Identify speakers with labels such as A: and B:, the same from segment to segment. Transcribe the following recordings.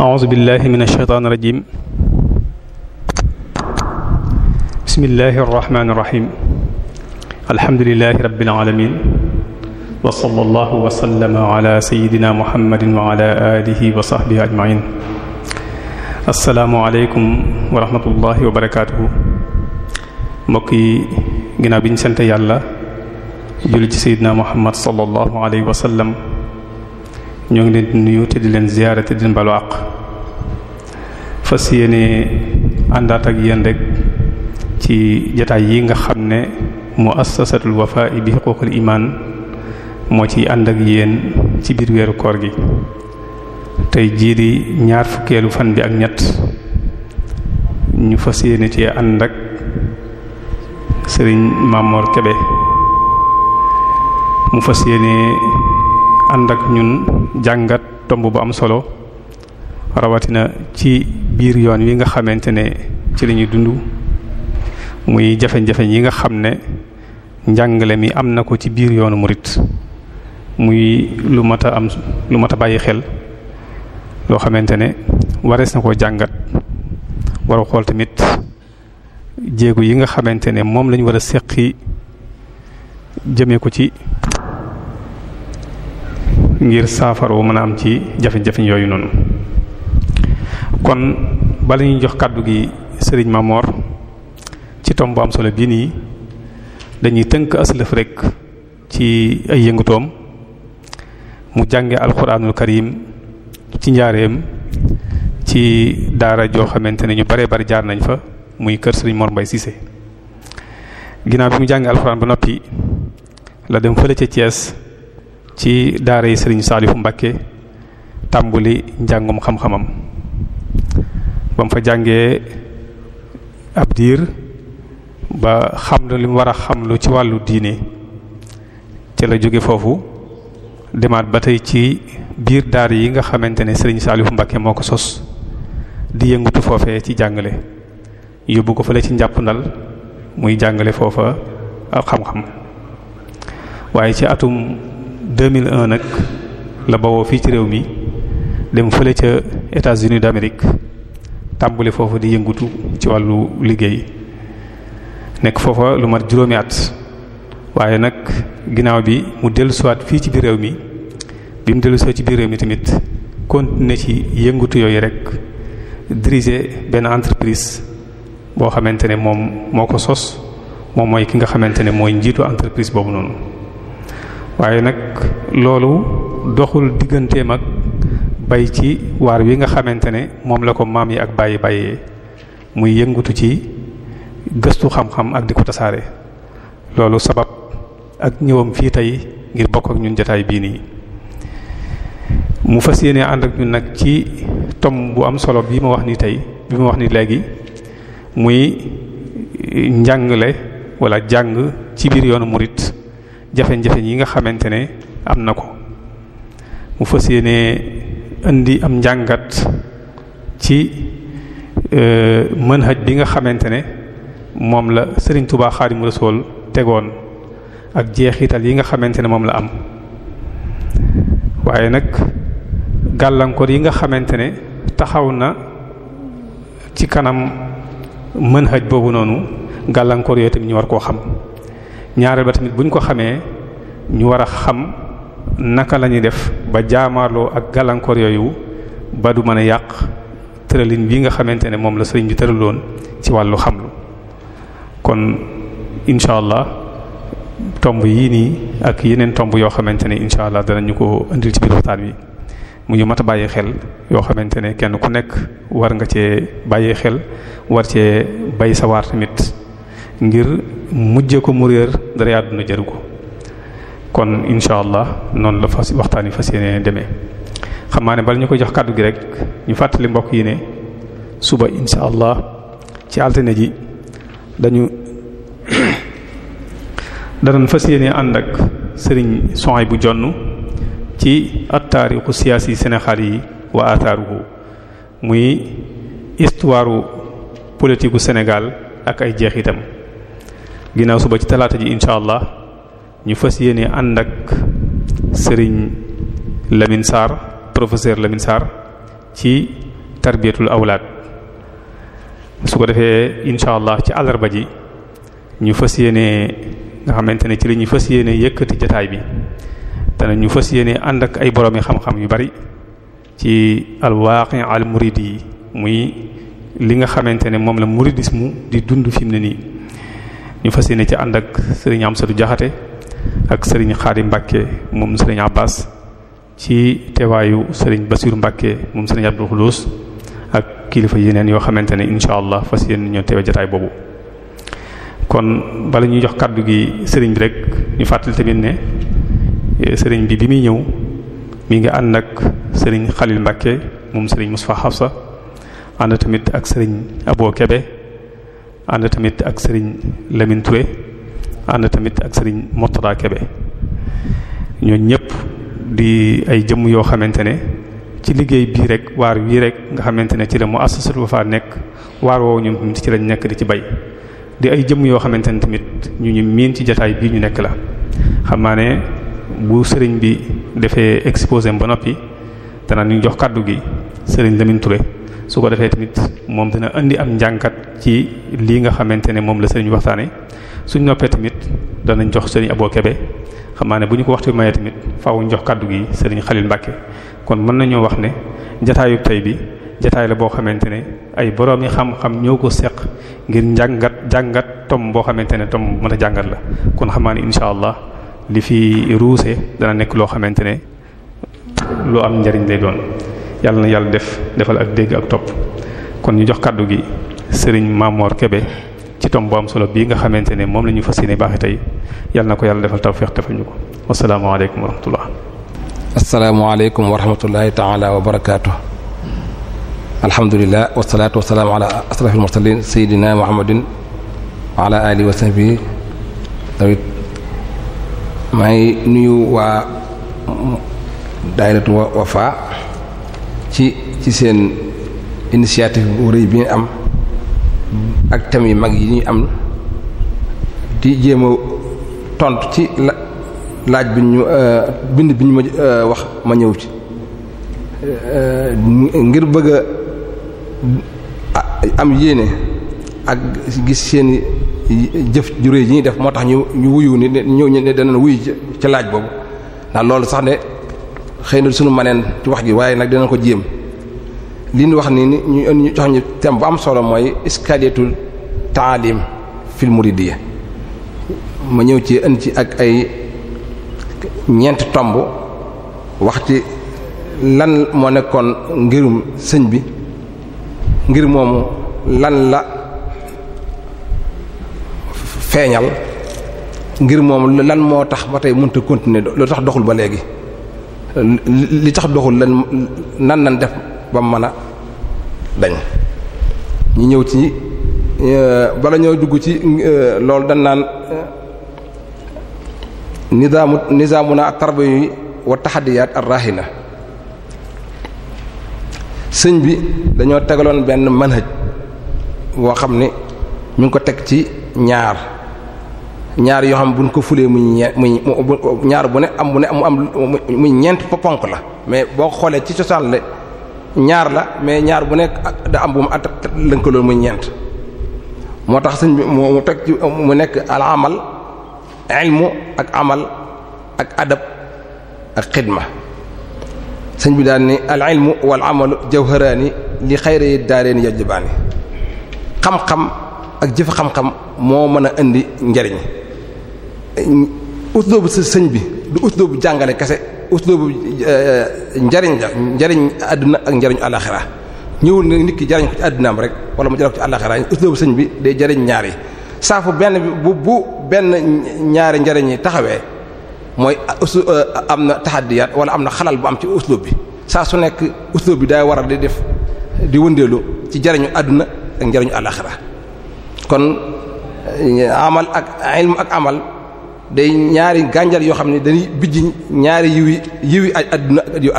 A: أعوذ بالله من الشيطان الرجيم بسم الله الرحمن الرحيم الحمد لله رب العالمين wa sallallahu wa sallama ala sayyidina muhammadin wa ala alihi wa sahbihi ajmain assalaamu aleykum wa rahmatullahi wa barakaatuhu mbokk yi ginnaaw bi ñu sant yàlla julli ci sayyidina muhammad sallallahu wa sallam ñoo ngi leen di nuyu te di leen ziyaara te leen balu fas yéene àndaat ak rek ci jataay yi nga xam ne muassasatul wafa'i bi huquqil iman moo ci ànd ak yéen ci biir weeru koor gi tey jii di ñaar fukkeelu fan bi ak ñett ñu fas yéene ci ànd ak sëriñ Mamor Kebe mu fas yéene ànd ak ñun jàngat tomb bu am solo rawatina ci biir yoon wi nga xamante ne ci lañuy dund muy jafe-jafe yi nga xam ne njàngale mi am na ko ci biir yoonu murit muy lu mat a am lu mat a bàyyi xel loo xamante ne warees na koo jàngat war a xool tamit jéego yi nga xamante ne moom lañu war a seqi jëmee ko ci ngir saafara mën a am ci jafe-jafe yooyu noonu kon bala ñuy jox kàddu gi sëriñ Mamor ci tomb bu am solo bii nii dañuy tënk aslëf rek ci ay yëngutoom mu jànge alxuraanul karim ci njaareem ci daara joo xamante ne ñu bare bari jaar nañ fa muy kër sëriñ Mor Mbay Cissé ginnaaw bi mu jàngee alxuraan ba noppi la dem fële ca Thiès ci daara yi sëriñ Saalifu Mbàkke tàmbuli njàngum xam-xamam ba mu fa jàngee ab diir ba xam na li mu war a xam lu ci wàllu diine ca la jóge foofu demaat ba tey ci biir daar yi nga xamante ne sëriñ saalifu Mbàkke moo ko sos di yëngutu foofe ci jàngale yóbbu ko fële ci njàpp ndal muy jàngale foofa ak xam-xam waaye ci atum 2001 nag la bawoo fii ci réew mi dem fële ca États-Unis d'Amérique tàmbali foofu di yëngutu ci wàllu liggéey nekk foofa lu mat juróomi at waaye nag ginnaaw bi mu dellusiwaat fii ci biir réew mi bi mu dellusiwaat ci biir réew mi tamit continuer ci yëngutu yooyu rek diriger benn entreprise boo xamante ne moom moo ko sos moom mooy ki nga xamante ne mooy njiitu entreprise boobu noonu waaye nag loolu doxul digganteem ak bay ci waar wi nga xamante ne moom la ko maam yi ak bàyyi bàyyee muy yëngutu ci gëstu xam-xam ak di ko tasaare loolu sabab ak ñëwam fii tey ngir bokk ak ñun jataay bii nii mu fas yéene ànd ak ñun nag ci tom bu am solo bi ma wax ni tey bi wax ni léegi muy eh, njàngale wala jàng ci biir yoonu murit jafe-jafe yi nga xamante ne am na ko mu fas yéene indi am njàngat ci eh, manhaj bi nga xamante ne moom la Serigne Touba Xaadimu sol tegoon ak jeexital yi nga xamante ne moom la am waaye nag gàllankoor yi nga xamante ne taxaw na ci kanam mën xëj boobu noonu gàllankoor yooyu tamit ñu war koo xam ñaareel ba tamit bu ñu ko xamee ñu war a xam naka la ñuy def ba jaamaarloo ak gàllankoor yooyu ba du mën a yàq tëralin bi nga xamante ne moom la sëriñ bi tëraloon ci wàllu xamlu kon incha allah tomb yii nii ak yeneen tomb yoo xamante ne incha allah danañu ko indil ci biir waxtaan wi mu ñu mat bàyyi xel yoo xamante ne kenn ku nekk war nga cee bàyyee xel war cee bay sawaar tamit ngir mujje ko mu réer dara àdduna jëru ko kon incha allah noonu la fas waxtaan wi fas yéene demee xam naa ne bala ñu ko jox kàddu gi rek ñu fàttali mbokk yi ne suba incha allah ci altine ji dañu danañ fas yéene ànd ak sëriñ soxay bu jonn ci at taarixu siyaasi Sénégal yi wa athaaruhu muy histoire politique Sénégal ak ay jeexitam ginnaaw suba ci talaata ji incha allah ñu fas yéene ànd ak sëriñ Lamine Sarr professeur Lamine Sarr ci tarbiyatul awlaad su ko defee incha allah ci àllarba ji ñu fas yéene nga xamante ne ci la ñuy fas yéene yëkkati jataay bi dana ñu fas yéene ànd ak ay borom yi xam-xam yu bari ci alwaaqi al murid yi muy li nga xamante ne moom la muridisme di dund fi ne nii ñu fas yéene ci ànd ak sëriñ Amsatu Jaxate ak sëriñ xaari Mbàkke moom sëriñ Abbas ci teewaayu sëriñ Basiru Mbàkke moom sëriñ Abdul Xulus ak kilifa yeneen yoo xamante ne incha allah fas yéene ñoo teewe jataay boobu kon bala ñuy jox kàddu gi sëriñ bi rek ñu fàttali tamit ne eh, sëriñ bi bi muy ñëw mi ngi ànd ak sëriñ Xalil Mbàkke moom sëriñ Moustapha Hafsa ànd tamit ak sëriñ Abo Kebe ànd tamit ak sëriñ Lamine ànd tamit ak sëriñ Mourtada Kebe ñoo ñëpp di ay jëmm yoo xamante ne ci liggéey bii rek waar wii rek nga xamante ne ci la mu assasul faa nekk waar woowu ñoom ci lañ nekk di ci bay di ay jëmm yoo xamante ne tamit ñu ñu miin ci jataay bii ñu nekk la xamaa ne bu sëriñ bi defee exposé ba noppi dana ñu jox kàddu gi sëriñ Lamine Touré su ko defee tamit moom dana indi am njànkat ci lii nga xamante ne moom la sëriñ waxtaane suñ noppee tamit danañ jox sëriñ Abo Kebe xam naa ne bu ñu ko waxtu mayee tamit faaw ñu jox kàddu gi sëriñ Xalil Mbàkke kon mën nañoo wax ne jataayub tey bi jataay la boo xamante ne ay boroomi xam-xam ñoo ko seq ngir njàngat jàngat tom boo xamante ne tom mën a jàngat la kon xamaa ne incha allah li fi ruuse dana nekk loo xamante ne loo am njariñ lay doon yàlla na yàlla def defal ak dégg ak topp kon ñu jox kàddu gi sëriñ Mamor Kebe ci tom bu am solo bii nga xamante ne moom la ñu fas yéene baaxee tey yàlla na ko yàlla defal tawfeex defal ko wasalaamaaleykum wa rahmatullah asalaamaaleykum wa rahmatullahi taala
B: alhamdulilah wasalaatu wasalaamu ala asrafil mursalin muhammadin wa ala alihi wa sahbihi maa ngi nuyu waa daayiratu Wafa ci ci seen initiative bu rëy bi am ak thèmes yu mag yi ñuy am di jéem a tontu ci laaj bi ñu euh, bind bi ñu ma euh, wax ma ñëw ci
C: euh,
B: ngir bëgg am yéene ak gis seen jëf ju yi ñuy def moo tax ñu ñu wuyu ni ñëw ñu ne danañ wuyu ca laaj boobu ndax loolu sax ne xëy na sunu maneen ci wax gi waaye nag dana ko jéem li ñu wax nii ni ñu ñu jox ñu thème bu am solo mooy iskaliyatul taalim fil muridiyya ma ñëw ci ën ci ak ay ñeent tomb wax ci lan moo nekkoon ngirum sëñ bi ngir moomu lan la feeñal ngir moom lan moo tax ba tey mënta continuer lu tax doxul ba léegi li tax doxul lan nan nan def ba mën a dañ ñu ñëw ci euh, bala ñoo dugg ci euh, loolu dañ naan euh, nizaamu nizaamu na at tarbiya wa taxadiyaat ar na sëñ bi dañoo tegaloon benn manhaj woo xam ne ñu ngi ko teg ci ñaar ñaar yoo xam buñ ko fulee muy ñe muy ñaar ne am bu ne mu am muy ñeent ponk la mais boo xoolee ci cosaan la ñaar la mais ñaar bu nekk da am bu mu at lënkaloon muy ñeent moo tax sëñ bi mu teg ci mu nekk al amal ay ilmu ak amal ak adab ak xidma sëñ bi daan ni al ilmu wal amalu jawharaani li xayri daareeni yajibaani xam-xam ak jëf xam-xam moo mën a indi njariñ usloobu sëñ bi du usloobu jàngale kese usloobu eh, njariñ la njariñ àdduna ak njariñu alaxira ñëwul nga nit ki jariñ ko ci àddunaam rek wala mu jariñ ko ci alaxira usloobu sëñ bi day jariñ ñaar saafu benn bu bu benn ñaari njariñ yi taxawee mooy usu euh, am na taxaddiyaat wala am na xalal bu am ci uslub bi saa su nekk uslub bi day war a di def di wëndeelu ci jariñu àdduna ak njariñu àllaxira kon euh, amal ak ilm ak ñaari gànjal yoo xam ne dañuy bijji ñaari yiwi yiwi ay àdduna ak yiw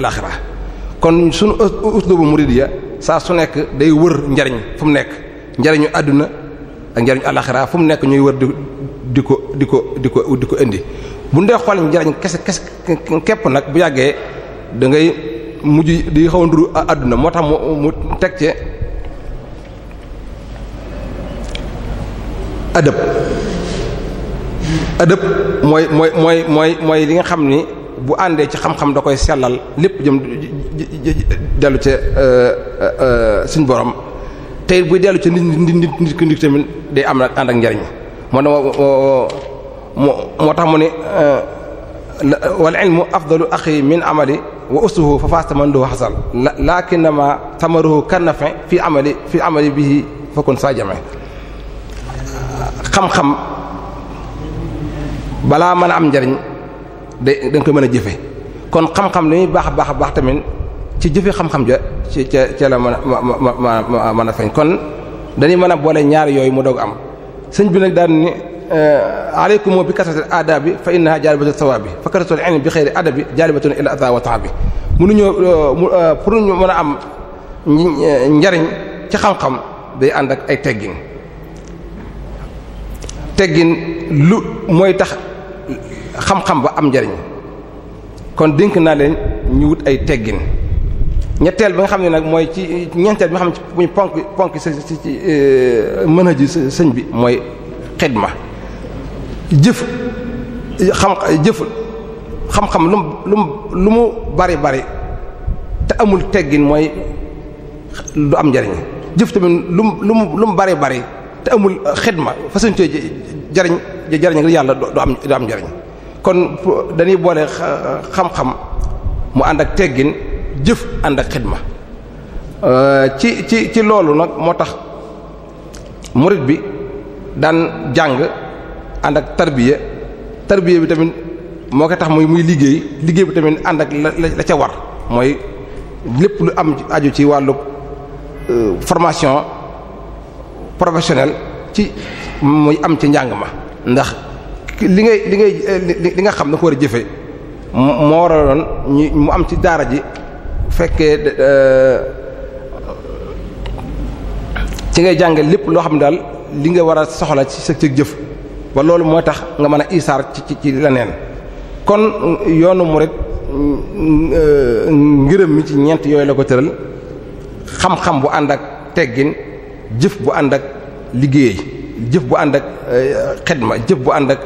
B: kon sunu uslubu muridiyya saa su nekk day wër njariñ fu mu nekk njariñu àdduna ak njariñu àllaxira fu mu nekk ñuy wër di di ko di ko di ko di ko indi bu ñu dee xool njariñ kese kese képp nag bu yàggee da ngay mujj di xaw a nduru àdduna moo tax mu teg ci adab adab mooy mooy mooy mooy mooy li nga xam ni bu àndee ci xam-xam da koy sellal lépp jëm dellu ca euh, euh, euh, suñ borom tey buy dellu ca nit nit nit nit tamit day am nag ànd ak njariñ moo moo tax mu ne euh, wal ilmu afdalu axi min amali wa usuhu fa faasta man doo xasal lakinama tamaruhu kannafe fi amali fii amali bihi fakkun saa jame xam-xam balaa mën a am njariñ day dañ koy mën a jëfe kon xam-xam li muy baax baax baax tamit ci jëfe xam-xam ja ci ca ca la mën a mën a feeñ kon dañuy mën a boole ñaar yooyu mu doog am sëñ bi nag daal ni Eh, aleykum bi kasratil aadaabi fa innaha jalibatu sawaabi fa kasratul ilmi bi xeyri adabi jalibatun ila ata wa taabi mënuñoo eh, eh, pour ñu mën a am njariñ ci xam day ànd ak ay teggin teggin lu tax xam ba am njariñ kon dénk naa leen ñu wut ay teggin ñetteel bi nga xam ne nag mooy ci ñeenteel bi nga xam ne ci ponk ponk ci ci mën a ji sëñ bi mooy xidma jëf xam jëf xam-xam lu mu lu mu bari bari te amul teggin mooy du am njariñ jëf tamit lu mu lu mu bari bari te amul xidma fa suñ tee jariñ jariñ ngir yàlla du am du am njariñ kon dañuy boole xam-xam mu ànd ak teggin jëf ànd ak xidma euh, ci ci ci loolu nag moo tax murid bi daan jàng ànd ak tarbiya tarbiya bi tamit moo koy tax muy muy liggéey liggéey bi tamit ànd ak la la ca war mooy lépp lu am aju ci wàllu euh, formation professionnelle ci muy am ci njàng ma ndax li ngay li ngay li nga xam ne ko war a jëfe moo war a ñu mu am ci daara ji fekkee euh, ci ngay jànge lépp loo xam daal li nga war a soxla ci sa cëg jëf ba loolu mooy tax nga mën a isaar ci ci la neen kon yoonu murid mm, mm, ngërëm mi ci ñeent yooyu la ko tëral xam-xam bu ànd ak teggin jëf bu ànd ak liggéey jëf bu ànd ak eh, xidma jëf bu ànd ak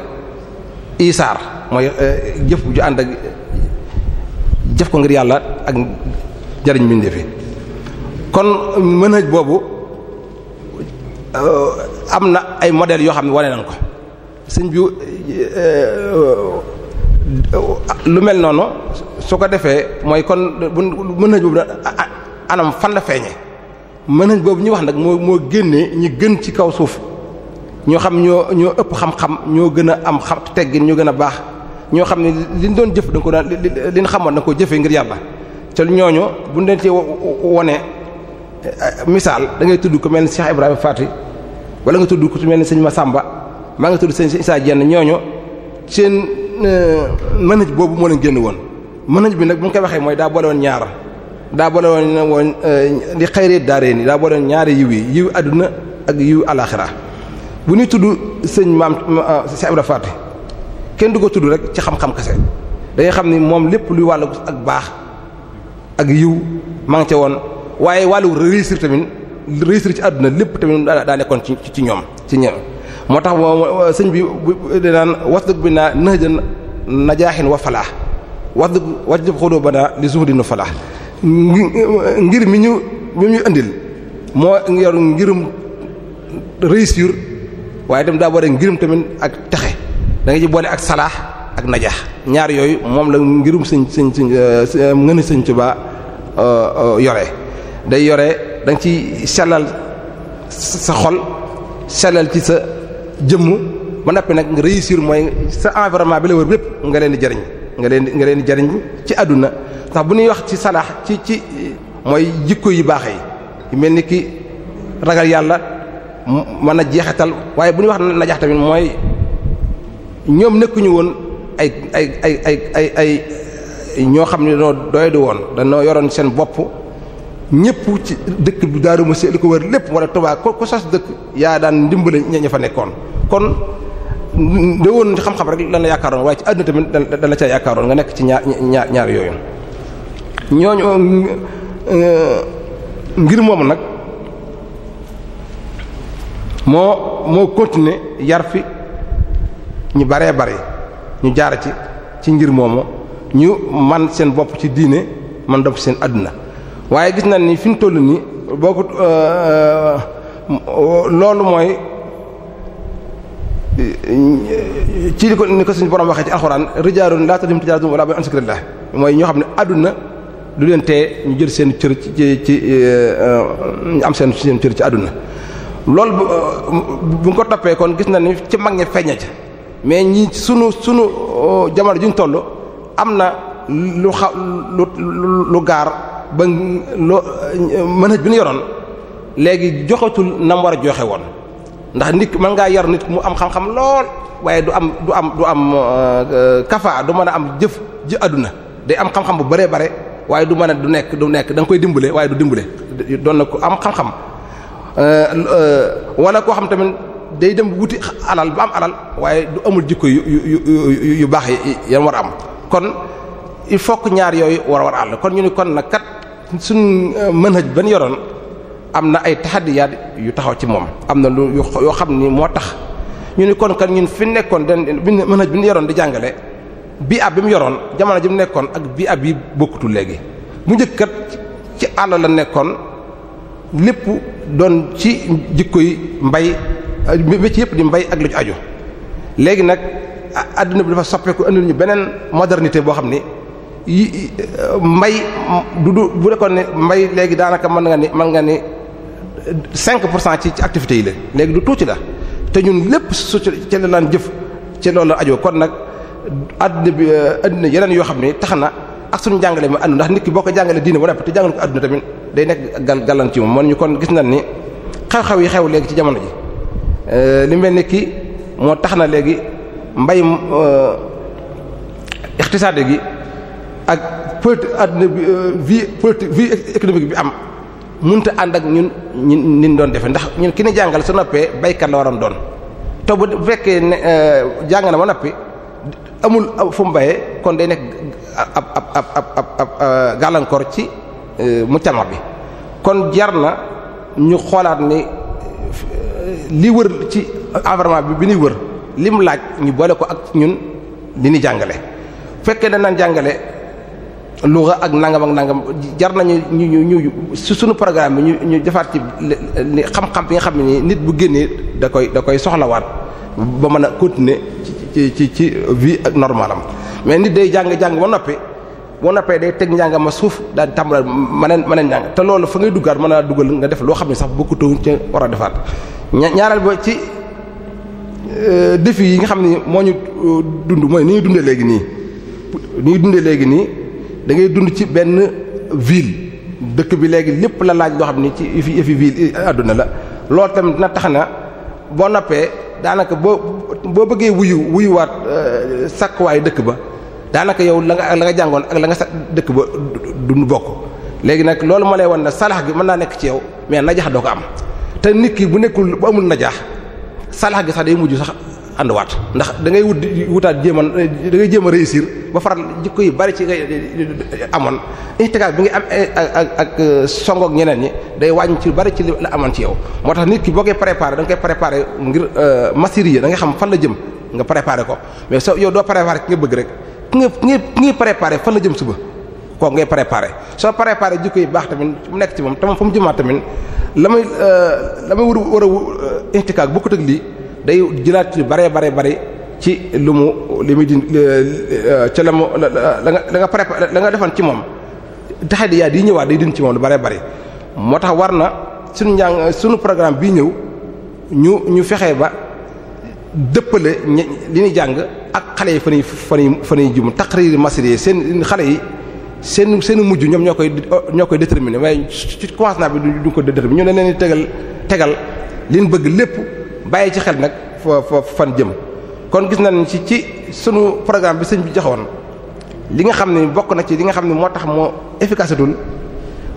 B: isaar mooy eh, jëf ju ànd ak jëf ko ngir yàlla ak jariñ mbindéef yi kon manhaj boobu eh, am na ay model yoo xam ne wane nañ ko sëñ bi euh, lu mel noonu su ko defee mooy kon bu mënhaj boobu anam fan la feeñe mënhaj boobu ñu wax nag moo moo génnee ñi gën ci kaw suuf ñoo xam ñoo ñoo ëpp xam-xam ñoo gën a am xam teggin ñoo gën a baax ñoo xam ne liñ doon jëf danga ko daan liñ xamoon danga ko jëfee ngir yàlla te ñooñu buñ leen ci wone misaal da tudd ko mel ni Cheikh Ibrahima Fati wala nga tudd ko mel ni sëñ Massamba maa ngi tudd sëñ Issa Dieng ñooñu seen euh, nañ boobu moo leen génn woon manhaj bi nag bu ñu koy waxee mooy daa boole woon ñaar daa boole woon woon euh, li xayree daaree ni daa boole woon ñaari yiw yi yiw àdduna ak yiw alaxira bu ñuy tudd sëñ maam Cheikh Ibra Faty kenn du ko tudd rek ci xam-xam kese dañuy xam ni moom lépp luy wàllu ak baax ak yiw maa ngi woon waaye wàllu réussir tamit réussir ci àdduna lépp tamit daa nekkoon ci ci ñoom ci ñoom. moo tax moom euh, sëñ bi dinaan wasdug bi naa nëxjën najaaxin wa falaax wasdug wajjub xóodoo ba naa li zuhdin wa falaax euh, ngir mi ñu mi ñu indil moo yor ngirum réussir waaye itam daa war ngirum tamit ak texe da nga ci boole ak salaax ak najaax ñaar yooyu moom la ngirum sëñ sëñ sëñ euh, ngën a sëñ Tuubaa yore day yore da nga ci sellal sa xol sellal ci sa jëmm ba noppi nag nga réussir mooy sa environnement bi la wër lépp nga leen di jariñ nga leen nga leen di jariñ ci àdduna ndax bu ñuy wax ci salaax ci ci mooy jikko yu baax yi mel ni ki ragal yàlla mën a jeexatal waaye bu ñuy wax najax tamit mooy ñoom nekkuñu woon ay ay ay ay ay ay ñoo xam ne dañoo doy di woon dañoo yoroon seen bopp ñëpp ci dëkk bi Daaru Muxti li ko wër lépp wala Tuubaa ko ko sas dëkk yaa daan ndimbale ña ña fa nekkoon kon de woon ci xam-xam rek lan yaakaaroon waaye ci àdduna tamit da la ca yaakaaroon nga nekk ci ñaar ñaar ñaar yooyu ñooñu euh, ngir moomu nag moo moo continuer yar fi ñu baree bare ñu jaar ci ci ngir moomu ñu man seen bopp ci diine man dopp seen àdduna waaye gis na ni fi ñu toll nii boo ko euh, loolu mooy ci li ko ni ko suñu borom waxee ci alxuraan rijaalun laa tulhihim tijaaratun wa laa bay'un an zikrillah mooy ñoo xam ne àdduna du leen tee ñu jël seen cër ci ci ñu euh, am seen seen cër ci àdduna. loolu bu bu ko toppee kon gis na ni ci mag ñi feeña ca mais ñi sunu sunu euh, jamono juñ toll am na lu xa lu lu gaar ba loo euh, bi ñu yoroon léegi joxatul nam war a joxe woon. ndax ndikk man ngaa yar nit mu am xam-xam lool waaye du am du am du am euh, kafa du mën a am jëf ji àdduna day am xam-xam bu bëree bare waaye du mën a du nekk du nekk da nga koy dimbale waaye du dimbale doon na ko am xam-xam euh, euh, wala koo xam tamit day dem wuti alal bu am alal waaye du amul jikko yu yu yu baax yan war a am kon il faut que ñaar yooyu war a war a àll kon ñu ni kon nag kat suñ mën hëj ban yoroon am na ay taxadiyaat yu taxaw ci moom am na lu yoo xam ni moo tax ñu ni kon kan ñun fi nekkoon dañ mën a bi di jàngale bi ab bi mu yoroon jamono ji mu nekkoon ak bii ab yi bokkutul léegi bu njëkkat ci àll la nekkoon lépp doon ci jikko yi mbay ci yëpp di mbay ak lu ci aju léegi nag àdduna bi dafa soppeeku indil ñu beneen modernité boo xam ni yi mbay du du bu nekkoon ne mbay léegi daanaka mën nga ni man nga ni cinq pour cent ci ci activités yi la léegi du tuuti la te ñun lépp su ci la naan jëf ci loolu la ajoo kon nag àdduna bi euh, àdduna yeneen yoo xam ne tax na ak suñu jàngale mi àdduna ndax nit ki boo ko jàngalee diine wala te jàngal ko àdduna tamit day nekk gal galan ci moom man ñu kon gis nañ ni xew-xew yi xew léegi ci jamono ji euh, li mel ni ki moo tax na léegi mbay euh, ixtisaade gi ak politique àdduna bi vie politique vie économique bi am mënta ànd ak ñun ñun ñu doon defee ndax ñun ki ni jàngal su noppee baykat la waroon doon te bu fekkee ne euh, jàng na ba noppi amul fu mu baye kon day nekk ab ab ab ab euh, gàllankoor ci euh, mucama bi kon jar na ñu xoolaat ni li wër ci environnement bi bi ñuy wër mu laaj ñu boole ko ak ñun li ñu jàngale fekkee dañ naan jàngale. Louga ak nangam ak nangam jar nañu ñu ñu ñu su suñu programme bi ñu ñu defaat ci xam-xam bi nga xam ne nit bu génnee da koy da koy soxlawaat ba mën a continuer ci ci ci vie ak normalam mais nit day jàng jàng ba noppi boo noppee day teg njàngam ma suuf daal di tàmbale maneen maneen njàng te loolu fa ngay duggaat mën a dugal nga def loo xam ne sax bokkutoo ci war a defaat ñaareel ba ci euh, défi yi nga xam ne moo ñu euh, dund mooy ni ñu dundee léegi nii ni ñu dundee léegi nii. da ngay dund ci benn ville dëkk bi léegi lépp la laaj loo xam ni ci yëfi yëfi ville eh, àdduna la loolu tamit dina tax na boo noppee daanaka boo boo bëggee wuyu wuyuwaat eh, sàkkuwaayu dëkk ba daanaka yow la nga la nga jàngoon ak la nga sa dëkk ba dund bokk léegi nag loolu ma lay wan ne salax gi mën naa nekk ci yow mais najaax doo ko am te nit kii bu nekkul bu amul najaax salax gi sax day mujj sax ànduwaat ndax dangay ngay wut wutaat jéem a da ngay jéem a réussir ba faral jikko yi bari ci ngay amoon intégral bi nga am eh, ak eh, ak ñeneen ñi day wàññi ci bari ci la amoon ci yow. moo tax nit ki boo koy préparé da nga koy préparé ngir eh, masir yi da nga xam fan la jëm nga préparé ko mais soo yow doo préparé ki nga bëgg rek ki nga ki nga préparé fan la jëm suba kooku ngay préparé soo préparé jikko yi baax tamit mu nekk ci moom tamit fa mu jëmaat tamit la may la may war a war a intégral bokkut ak day jëlaat ci bare bare bare ci lu mu li muy di ca la mu la la nga préparé la nga defoon ci moom taxadi yaa di ñëwaat day din ci moom lu bare bare moo tax war na suñu njàng sunu programme bii ñëw ñu ñu fexe ba dëppale li ñuy jàng ak xale yi fa ñuy fa ñuy fa ñuy jëm taqrir yi seen xale yi seen seen mujj ñoom ñoo koy ñoo koy déterminer waaye ci commencement bi duñ ko déterminer ñu ne leen tegal tegal liñ bëgg lépp. bàyyi ci xel nag fa fan jëm kon gis na ci ci sunu programme bi sëñ bi joxoon li nga xam ne bokk na ci li nga xam ne moo tax moo efficacetul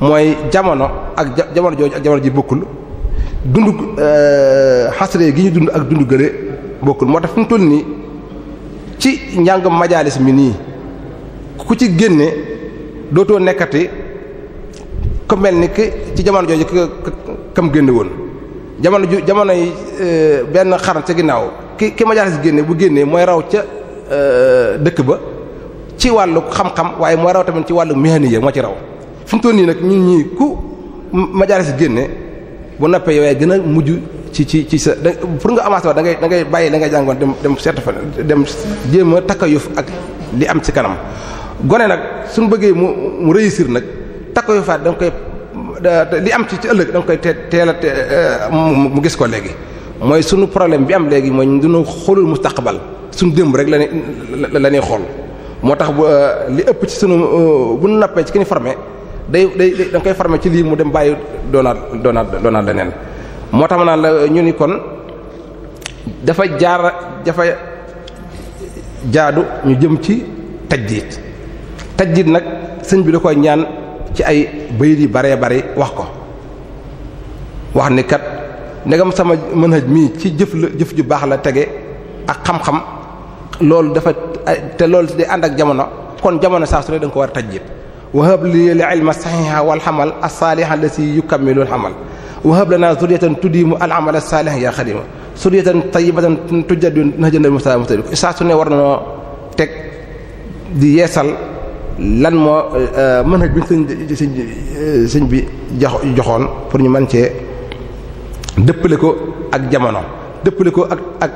B: mooy jamono ak jamono jooju ak jamono ji bokkul dund euh, xasre gi ñu dund ak dund gële bokkul moo tax fi mu toll nii ci njàng majalis mi nii ku ci génne dootoo nekkati ku mel ni ki ci jamono jooju kam génne woon jamono ju jamono yi euh, benn xar ca ginnaaw ki ki majalis génne bu génnee mooy raw ca euh, dëkk ba ci wàllu xam-xam waaye mooy raw tamit ci wàllu mihaniya moo ci raw fi mu toll nii nag ñun ñii ku si génne bu noppee yow yaa gën a mujj ci ci ci sa pour nga avancé waat da ngay da ngay bàyyi da ngay jàngoon dem dem seet fa dem jéema a takkayuf ak li am ci kanam gone nag suñu bëggee mu mu réussir nag takkayufaat da nga koy. di am ci ci ëllëg da nga koy teel a eh, mu gis ko léegi mooy sunu problème bi am léegi mooy duñu xoolul mustaqbal sunu démb rek la xool moo tax eh, li ëpp ci sunu eh, bu ñu nappee ci ki ñu formé day day da koy formé ci lii mu dem bàyyi doonaat doona doonaat leneen moo tax ma naa la ñu ni kon dafa jaar dafa jaadu ñu jëm ci tajdiid tajdiid nag sëñ bi da koy ñaan. ci ay bayit yi baree bari wax ko wax ni kat ndegam sama mën manhaj mii ci jëf la jëf ju baax la tege ak xam-xam loolu dafa te loolu di ànd ak jamono kon jamono saa su ne da ko war a tajjib wahab li li ilma saxiha wal xamal assaaliha la si yukammilul xamal wahab lana zuriyatan tuddimu al amal asaalih yaa xadima suriyatan tayyibatan tujaddu nahjan al mustafa saa su ne war na noo teg di yeesal lan moo euh, mën a biñ sëñ sëñ bi jox joxoon pour ñu man cee dëppale ko ak jamono dëppale ko ak ak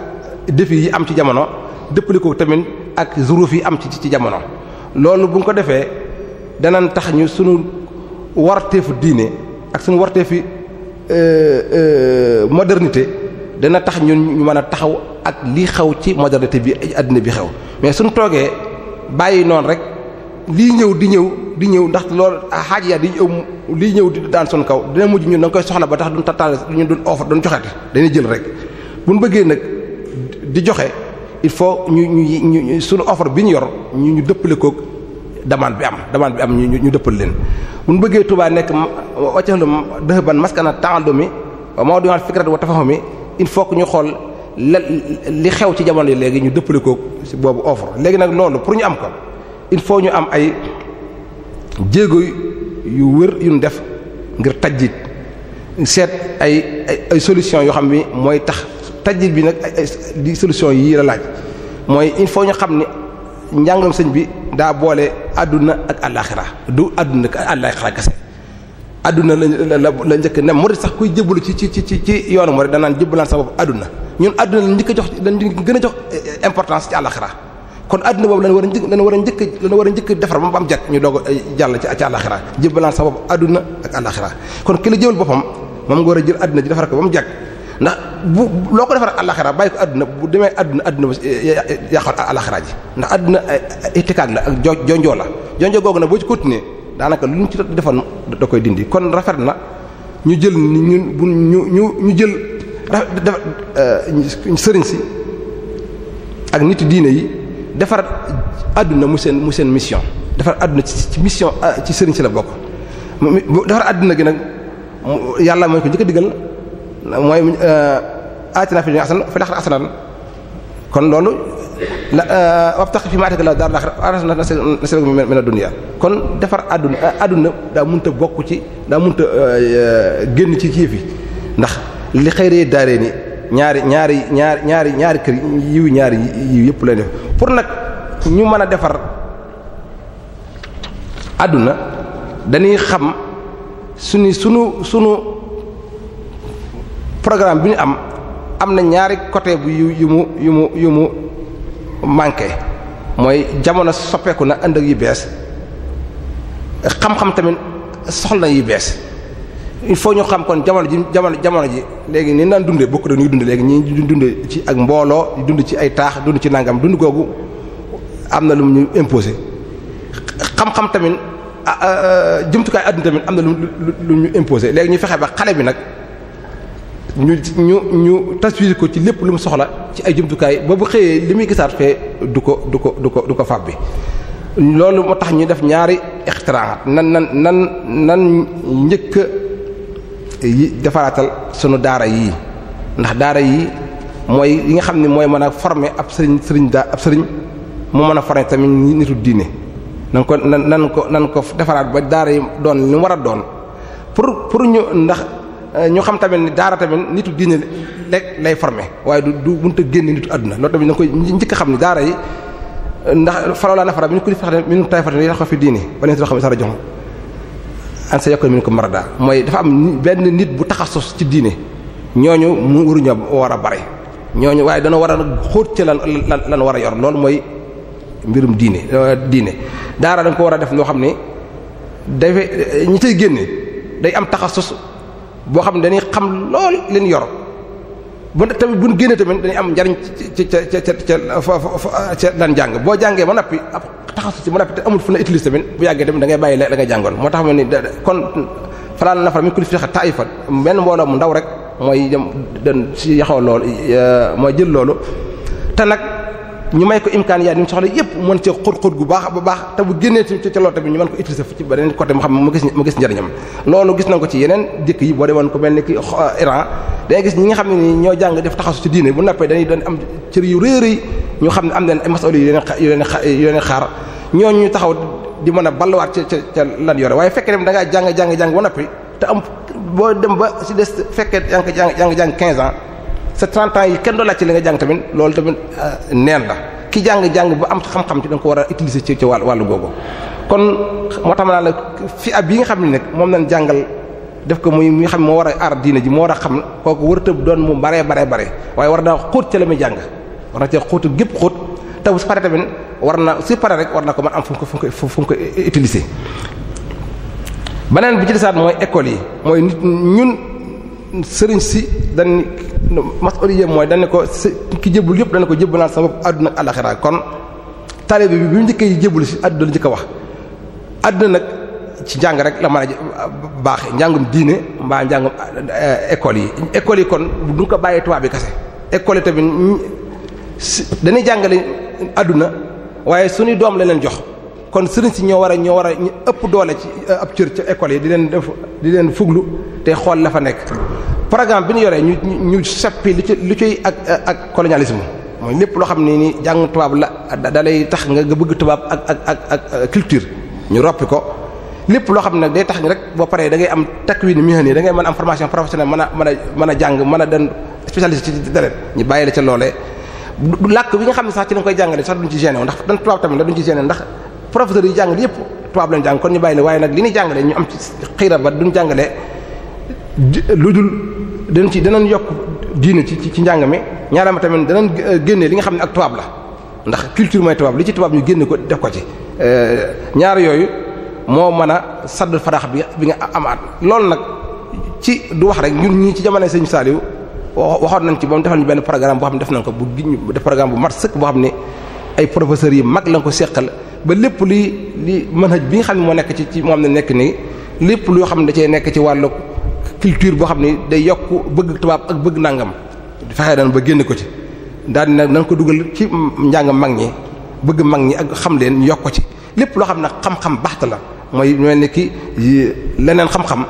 B: défi yi am ci jamono dëppale ko tamit ak zuruf yi am ci ci jamono loolu bu ñu ko defee danañ tax ñu suñu warteefu diine ak sunu warteefi euh, euh, modernité dana tax ñun ñu mën a taxaw ak lii xew ci modernité bi ay adduna bi xew mais suñu toogee bàyyi noonu rek. lii ñëw di ñëw di ñëw ndax loolu ah, xaaj ya di ñëw lii ñëw di daan sun kaw dina mujj ñun da koy soxla ba tax duñ tattaale duñu duñ offre duñ joxeete dañuy jël rek bu ñu bëggee nag di joxe il faut ñu ñu ñu suñu bi ñu yor ñu ñu dëppale kook demande bi am demande bi am ñu ñu dëppal leen bu ñu bëggee Touba nekk waccaxlu dëx ban maskana taando mi mao diwaan fikrat wa tafaxu mi il faut que ñu xool la li xew ci jamono yi léegi ñu dëppale koog si boobu offre léegi nag loolu pour ñu am ko il faut ñu am ay jéego yu wër yu ñu def ngir tajjit seet ay ay solution yoo xam ni mooy tax tajjit bi nag ay di solution yii la laaj mooy il faut ñu xam ni njàngam sëñ bi daa boole àdduna ak àllaaxira du àdduna ak àllaaxira kese àdduna la la la njëkk ne murid sax kuy jébbalu ci ci ci ci yoonu murid danaan jébbalaan sa bopp àdduna ñun àdduna la njëkk a jox dañ gën a jox importance ci àllaaxira kon adduna boobu lan war a njëkk lan war a njëkk lan war a njëkk defar ba mu am jekk ñu doog a eh, jàll ci ci àllaxira jëbalaan sa bopp adduna ak àllaxira kon ki la boppam moom nga war a jël adduna ji defar ko ba mu jekk ndax bu loo ko defar àllaxira bàyyi ko adduna bu demee adduna adduna eh, yàqal àllaxira ji ndax adduna eh, itikaad la ak jonjoo la jonjoo googu nag boo ci continuer daanaka lu ñu ci defoon da koy dindi kon rafet na ñu jël ñu ñu ñu ñu jël sëriñ si ak nit diine yi defar àdduna mu seen mu seen mission defar àdduna ci mission ah, ci sëriñ si la bokk defar àdduna gi nag yàlla mooy ko njëkk a digal mooy euh, aatina fi dunya hasanatan wa fil aaxirati hasanatan kon loolu euh, wabtaghi fiimaa aataaka Allaahu daaral aaxira nasiiban mina dunya kon defar àdduna euh, àdduna daa mënut a bokk ci daa mënut a génn ci yëf yi ndax li xëyree daaree ni ñaari ñaari ñaari ñaari ñaari kër yiw ñaari yiw yëpp lay pour nag ñu mën a defar àdduna dañuy xam suñu sunu sunu programme bi ñu am am na ñaari côté bu yu yu mu yu mu manqué mooy jamono soppeeku na ànd ak yu bees xam-xam tamit soxla na yu bees il faut ñu xam kon jamono ji jamono jamono ji léegi ni naan dundee bokk dañuy dund léegi ñi dundee ci ak mbooloo dund ci ay taax dund ci nangam dund googu am na lu mu ñu imposé xam-xam tamit ah, ah, ah, jumtukaay adduna tamit am na lu lu ñu imposé léegi ñu fexe ba xale bi nag ñu ñu ñu taswir ko ci lépp lu mu soxla ci ay jumtukaay ba bu xëyee li muy gisaat fee du ko du ko du ko du ko fab bi loolu moo tax ñu def ñaari ixtiraat nan nan nan nan njëkk yi defaraatal sunu daara yii ndax daara yii mooy yi nga xam ne mooy mën a former ab sëriñ sëriñ daa ab sëriñ mu mën a former tamit nitu diine nan ko nan nan ko nan ko defaraat ba daara yi doon li mu a doon pour pour ñu ndax euh, ñu xam tamit ni daara tamit nitu diine rek lay former waaye du du mënut a génne nitu àdduna loolu tamit da nga koy njëkk xam ne daara yi ndax faroo laa nafara bi ñu ko di fexe mi ñu tay fata yi tax ko fi diine ba leen soo an sa yakun minkum marada mooy dafa am benn nit bu taxasus ci diine ñooñu mu waruñu war a bari ñooñu waaye dana war a xóot ci lan lan lan war a yor loolu mooy mbirum diine euh, diine daara da ko war a def loo xam ne dafa ñi tey génne day am taxasus boo xam ne dañuy xam lool leen yor bu tamit bu ñu génnee tamit dañuy am njariñ ci ca ca ca fa ca daan jàng boo jàngee ba noppi ab taxasu ci ba noppi te amul fu na utilise tamit bu yàggee tamit da ngay bàyyi la da ngay jàngoon moo tax ma ni kon falaan nafar mi ku fi fexe taay fa benn mbooloo mu ndaw rek mooy dem den si yaxoo loolu mooy jël loolu te nag ñu may ko imkaan yaa ni mu soxla yëpp mën cee xur-xur gu baax ba baax te bu génnee ci ci loolu tamit ñu mën ko utiliser ci beneen côté mu xam mu gis mu loolu gis nañ ko ci yeneen dëkk yi boo demoon ko mel ni ki uh, Iran dangay gis ñi nga xam ne ni ñoo jàng def taxasu ci diine bu nappee dañuy doon am cër yu rëy rëy ñu xam ne am nañ ay masala yu leen yu leen yu leen xaar ñooñu ñu taxaw di mën a balluwaat ca ca ca lan yore waaye fekkee dem da jàng jàng jàng ba noppi te am boo dem ba si des fekkee yaa ngi jàng yaa ngi jàng 15 sa 30 ans yi kenn doo laaj ci li nga jàng tamit loolu tamit euh, neen la ki jàng jàng bu am xam-xam ci da ko war a utiliser ci ci wàll wàllu googu kon moo tax naa la fi ab yi nga xam ne nag moom lañ jàngal def ko muy mu nga xam moo war a aar diina ji moo war a xam kooku wërtëb doon mu baree baree bare waaye war naa xóot ca la muy jàng war na cee xóotu gépp xóot te bu su paree tamit war na su paree rek war na ko mën am fu mu ko fu mu ko fu mu ko utiliser beneen bi ci mooy école yi sëriñ si dañ mas'uliyya mooy dañ ko ki jébul yëpp dañ ko jébal naa sama àdduna ak alaxira kon taalibe bi bu mu njëkkee jébul si àdduna la njëkk wax àdduna nag ci njàng rek la mën a baax njàngum diine mbaa njàngum eh, école yi école yi kon du ko bàyyee tubaab bi kese école yi tamit dañuy jàngale àdduna waaye suñuy doom la leen jox kon sëriñ si ñoo war a ñoo war a ñu ëpp doole ci euh, ab cër ca école yi di leen def di leen fuglu te xool la fa nekk programme bi ñu yoree ñu ñu seppi lu ci lu ciy ak ak colonialisme mooy lépp loo xam ne ni jàng tubaab la da lay tax nga bëgg tubaab ak ak ak ak euh, culture ñu roppi ko lépp loo xam ne day tax rek boo paree da ngay am takwin mihani da ngay mën a am formation professionnelle mën a mën a mën a jàng mën a den spécialiste ci deret ñu bàyyi la ca loolee làkk bi nga xam ne sax ci lañ koy jàngale sax duñ ci gêné ndax dan tubaab tamit la duñ professeurs yi jàngale yëpp tubaab lañ jàng kon ñu bàyyi ne waaye nag li ñuy jàngale ñu am ci xiira ba duñ jàngale lu dul dañ ci danañ yokk diine ci ci njàng mi ñaareel ma tamit danañ euh, génne li nga xam ne ak tubaab la ndax culture mooy tubaab li ci tubaab ñu génn ko def ko ci. Euh, ñaar yooyu moo man a sadd farax bi bi nga at loolu nag ci du wax rek ñun ñii ci jamono Sëñ Saliou waxoon nañ ci ba mu defal ñu benn programme boo xam ne def nañ ko bu def programme bu xam ne. ay professeurs yi mag la ko seqal ba lépp luy li manhaj bi nga xam ne moo nekk ci ci moom ne nekk nii lépp loo xam ne da cee nekk ci wàllu culture boo xam ni day yokk bëgg tubaab ak bëgg nangam fexee daan ba génn ko ci daal nag na nga ko dugal ci njàngam mag ñi bëgg mag ñi ak xam leen yokk ko ci lépp loo xam ne xam-xam baxta la mooy mel ni ki leneen xam-xam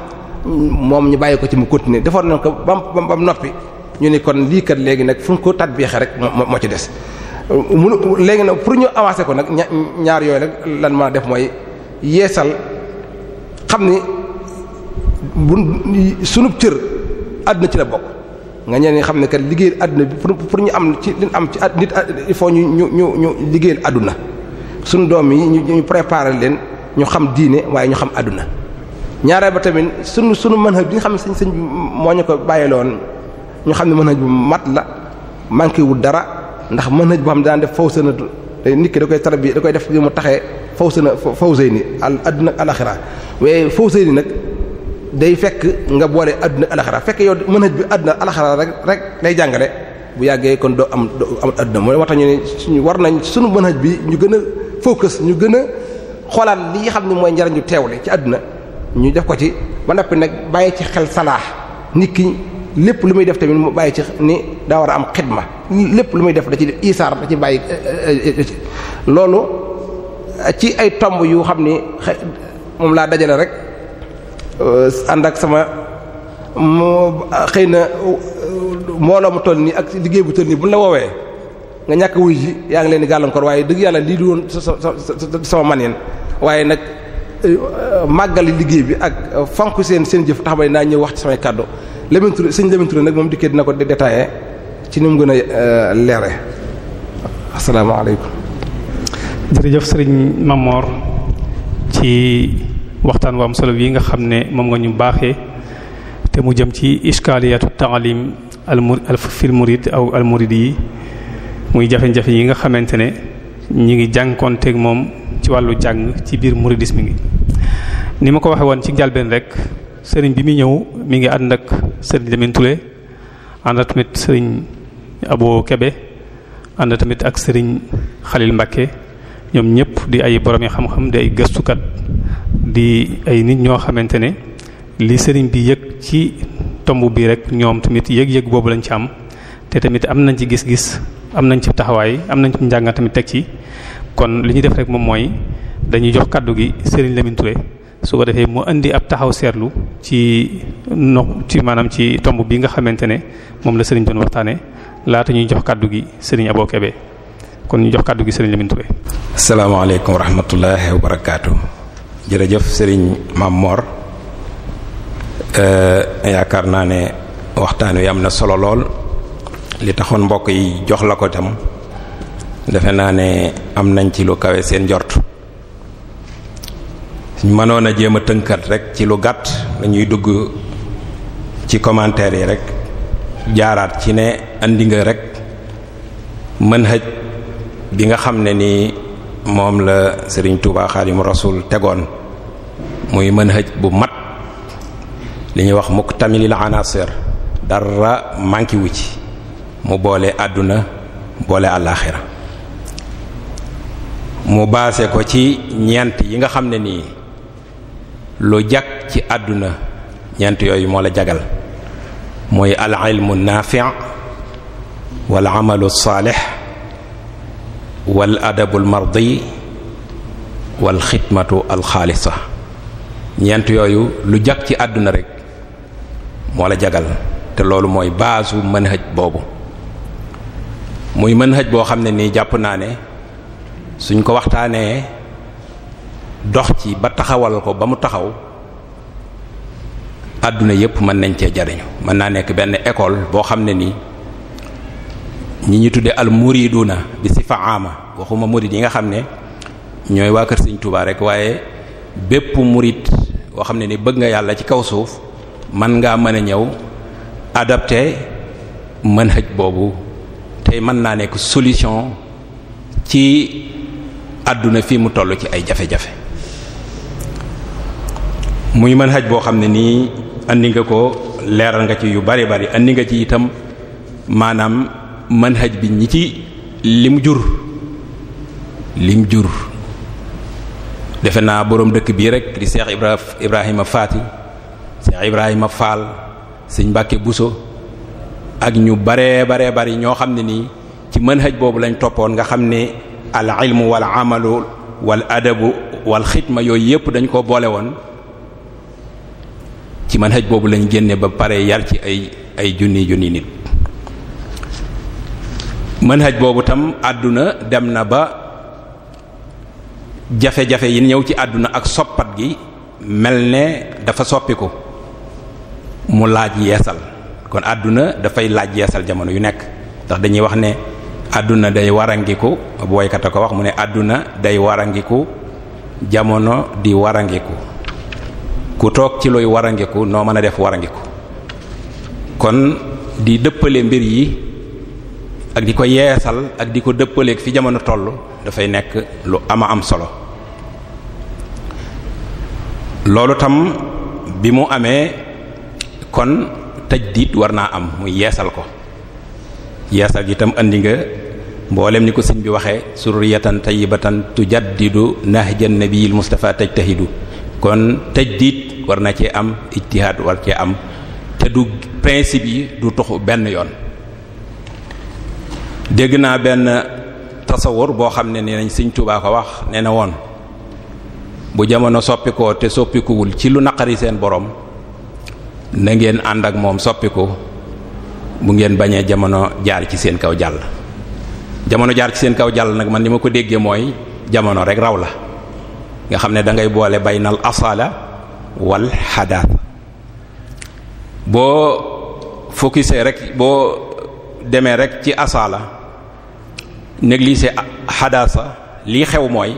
B: moom ñu bàyyi ko ci mu continuer defoon nañ ko bam bam noppi ñu ne kon liikat léegi nag fu ñu ko tatbiixee rek moo moo ci des munu léegi nag pour ñu avancer ko nag ñaar yooyu rek lan ma def mooy yeesal xam ni bu sunub cër àdduna ci la bokk nga ñeneen xam ne kat liggéeyal àdduna bi pour pour ñu am ci liñ am ci at nit il faut ñu ñu ñu ñu liggéeyal àdduna suñu doom yi ñu ñu préparer leen ñu xam diine waaye ñu xam àdduna ñaareel ba tamit sunu sunu manhaj bi nga xam ne sëñ sëñ moo ñu ko bàyyiloon ñu xam ne manhaj bu mat la manqué wul dara. ndax manhaj boo xam ne daan def faw sëna day nit ki da koy tarbi da koy def ngir mu taxee faw sëna faw sëy ni al adduna ak alaxira waaye faw sëy nag day fekk nga boole adduna alaxira fekk yow manhaj bi àdduna alaxira rek rek lay jàngale bu yàggee kon doo am doo am adduna mooy wax ñu ne suñu war nañ suñu manhaj bi ñu gën a focus ñu gën a xoolaat li nga xam ne mooy njariñu teewle ci àdduna ñu def ko ci ba noppi nag bàyyi ci xel salaa nit ki lépp lu muy def tamit mu bàyyi ci ni daa a am xidma lépp lu muy def da ci isaar da ci bàyyi eh, eh, eh, loolu ci ay tomb yu xam ni moom laa dajale rek ànd ak sama mu xëy na mbooloo mu toll nii ak liggéey bu toll nii buñ la woowee nga ñàkk wuy ji yaa ngi leen di gàllankoor waaye dëgg yàlla lii di woon sa sa sama man yeen waaye nag màggal liggéey bi ak fonk seen seen jëf tax ma naa ñëw wax ci samay kàddu Lamine Touré sëñ Lamine Touré nag moom dikkee dina ko détaillé ci ni mu gën a euh,
A: leere asalaamaaleykum. jërëjëf sëriñ Mamor ci waxtaan waam solo yi nga xam ne moom nga ñu baaxee te mu jëm ci iskaaliyatu taalim al mur al fil murid aw al murid yi muy jafe-jafe yi nga xamante ne ñi ngi jànkonteeg moom ci wàllu jàng ci biir mi ngi ni ma ko waxee woon ci njëlbeen rek. sëriñ bi muy ñëw mi ngi ànd ak sëriñ Lamine Touré ànd tamit sëriñ Abo Kebe ànd tamit ak sëriñ Xalil Mbàkke ñoom ñëpp di ay boromi xam-xam di ay gëstukat di ay nit ñoo xamante ne li sëriñ bi yëg ci tomb bi rek ñoom tamit yëg-yëg boobu lañ ci am te tamit am nañ ci gis-gis am nañ ci taxawaay am nañ ci njàngat tamit teg ci kon li ñu def rek moom mooy dañuy jox kàddu gi sëriñ Lamine Touré su ko defee mu indi ab taxaw seetlu ci no ci maanaam ci tomb bi nga xamante ne moom la sëriñ doon waxtaane laata ñuy jox kàddu gi sëriñ Aboo Kebe kon ñu jox kàddu gi sëriñ Lamine Touré.
C: asalaamaaleykum wa rahmatullahi wa barakaatu. jërëjëf sëriñ Mam Mor euh, yaakaar naa ne waxtaan wi am na solo lool li taxoon mbokk yi jox la ko tam defe naa ne am nañ ci lu kawe seen jort. suñ mënoon a jéem a tënkat rek ci lu gàtt dañuy dugg ci commentaire yi rek jaaraat ci ne andi nga rek manhaj bi nga xam ne nii moom la Serigne Touba Xaadimu Rasuul tegoon muy manhaj bu mat li ñuy wax mukk muktamilil anasir dara manqué wu ci mu boole àdduna boole àllaaxira mu baase ko ci ñeent yi nga xam ne nii lu jag ci àdduna ñeent yooyu moo la jagal mooy al ilmu naafi wal amalu saalix wal adabu almardi wal xidmatu alxaalisa ñeent yooyu lu jag ci àdduna rek moo la jagal te loolu mooy baasu manhaj boobu muy manhaj boo xam ne nii jàpp naa ne suñ ko waxtaanee dox ci ba taxawal ko ba mu taxaw àdduna yépp mën nañ cee jariñu mën naa nekk benn école boo xam ne nii ñi ñu tuddee al muriduna bi si fa ama waxuma murid yi nga xam ne ñooy waa kër Sëriñ Tuubaa rek waaye bépp murid boo xam ne ni bëgg nga yàlla ci kaw suuf man ngaa mën a ñëw adapté manhaj boobu tey mën naa nekk solution ci àdduna fii mu toll ci ay jafe-jafe muy mën xaj boo xam ne nii andi nga ko leeral nga ci yu bari bari andi nga ci itam maanaam mën xaj bi ñi ci lim jur lim jur defe naa boroom dëkk bii rek di seex Ibra Ibrahima Faati seex Ibrahima Faal sëñ Mbàkke Buso ak ñu bare baree bari ñoo xam ne nii ci mën xaj boobu lañ toppoon nga xam ne al ilmu wal amalu wal adabu wal xitma yooyu yëpp dañ ko boole woon ci manhaj boobu lañ génnee ba pare yar ci ay ay junni junni nit manhaj boobu tam àdduna dem na ba jafe-jafe yi ñëw ci àdduna ak soppat gi mel ne dafa soppiku mu laaj yeesal kon àdduna dafay laaj yeesal jamono yu nekk ndax dañuy wax ne àdduna day warangiku ab woykat a ko wax mu ne àdduna day warangiku jamono di warangiku ku toog ci luy warangiku noo mën a def warangiku kon di dëppale mbir yi ak di ko yeesal ak di ko dëppaleek fi jamono toll dafay nekk lu ama am solo loolu tam bi mu amee kon tëj diit war naa am muy yeesal ko yeesal gi tam indi nga mboolem ni ko sëñ bi waxee surriyatan tayyibatan tujaddidu nahjan nabiyil mustafa tajtahidu kon diit war na cee am ijtihaad war cee am te du principe yi du toxu benn yoon dégg naa benn tasawur boo xam ne ni nañ Sëriñ Tuubaa ko wax nee na woon bu jamono soppikoo te soppikuwul ci lu naqari seen borom na ngeen ànd ak moom soppiku bu ngeen bañee jamono jaar ci seen kaw jàll jamono jaar ci seen kaw jàll nag man ni ma ko déggee mooy jamono rek raw la nga xam ne dangay ngay bay baynal asala wal xadaat boo focusé rek boo demee rek ci asala négligé xadaasa lii xew mooy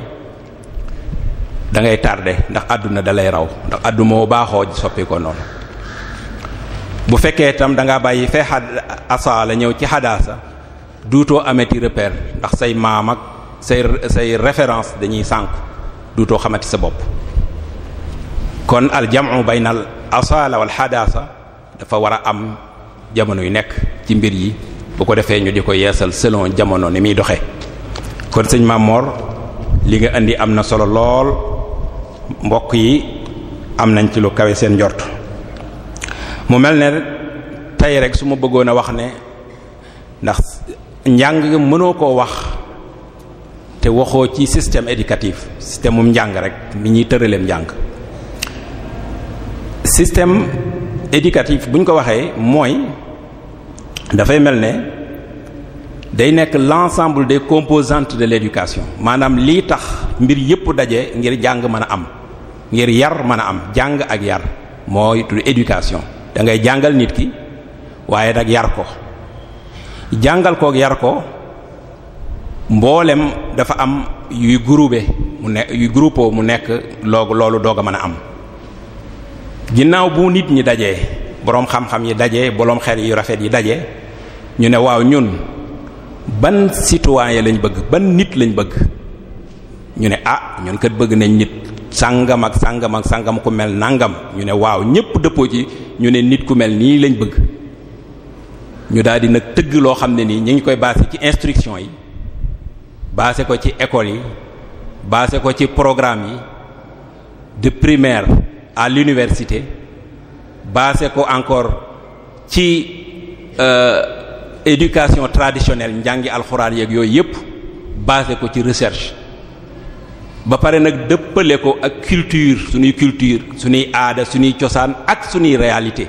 C: dangay ngay ndax àdduna da lay raw ndax àdduma moo baaxoo soppi ko noonu bu fekkee itam da ngaa bàyyi fee asala ñëw ci xadaasa duutoo ameti repère ndax say maam ak say say référence dañuy sànku duutoo xamati sa bopp kon aljamu baynal asala wal xadaasa dafa war a am jamono yu nekk ci mbir yi bu ko defee ñu di ko yeesal selon jamono ni muy doxe kon sëñ Mamor li nga indi am na solo lool mbokk yi am nañ ci lu kawe seen njort mu mel ne tey rek su ma bëggoon a wax ne ndax njàng mënoo koo wax te waxoo ci système éducatif système mu njàng rek ni ñuy tëraleem njàng système éducatif bu ñu ko waxee mooy dafay mel ne day nekk l'ensemble des composantes de l'éducation maanaam lii tax mbir yépp daje ngir jàng mën a am ngir yar mën a am jàng ak yar mooy tudd éducation da ngay jàngal nit ki waaye nag yar ko jàngal kook yar ko mboolem dafa am yuy groupé mu nekk yuy groupe mu nekk loogu loolu doog a mën a am ginnaaw bu nit ñi dajee boroom xam-xam yi dajee boroom xel yu rafet yi daje ñu ne waaw ñun ban yi lañ bëgg ban nit lañ bëgg ñu ne ah ñun kat bëgg nañ nit sàngam ak sàngam ak sàngam ku mel nangam ñu ne waaw ñépp dëppoo ci ñu ne nit ku mel nii lañ bëgg ñu daldi nag tëgg loo xam ne nii ñu ngi koy baase ci instruction yi basé ko ci école yi basé ko ci programme yi de primaire à l'université basé ko encore ci euh, éducation traditionnelle njàngi alxuraan yeeg yooyu yépp basé ko ci recherche ba pare nag dëppale ko ak culture suñuy culture suñuy aada suñuy cosaan ak suñuy réalité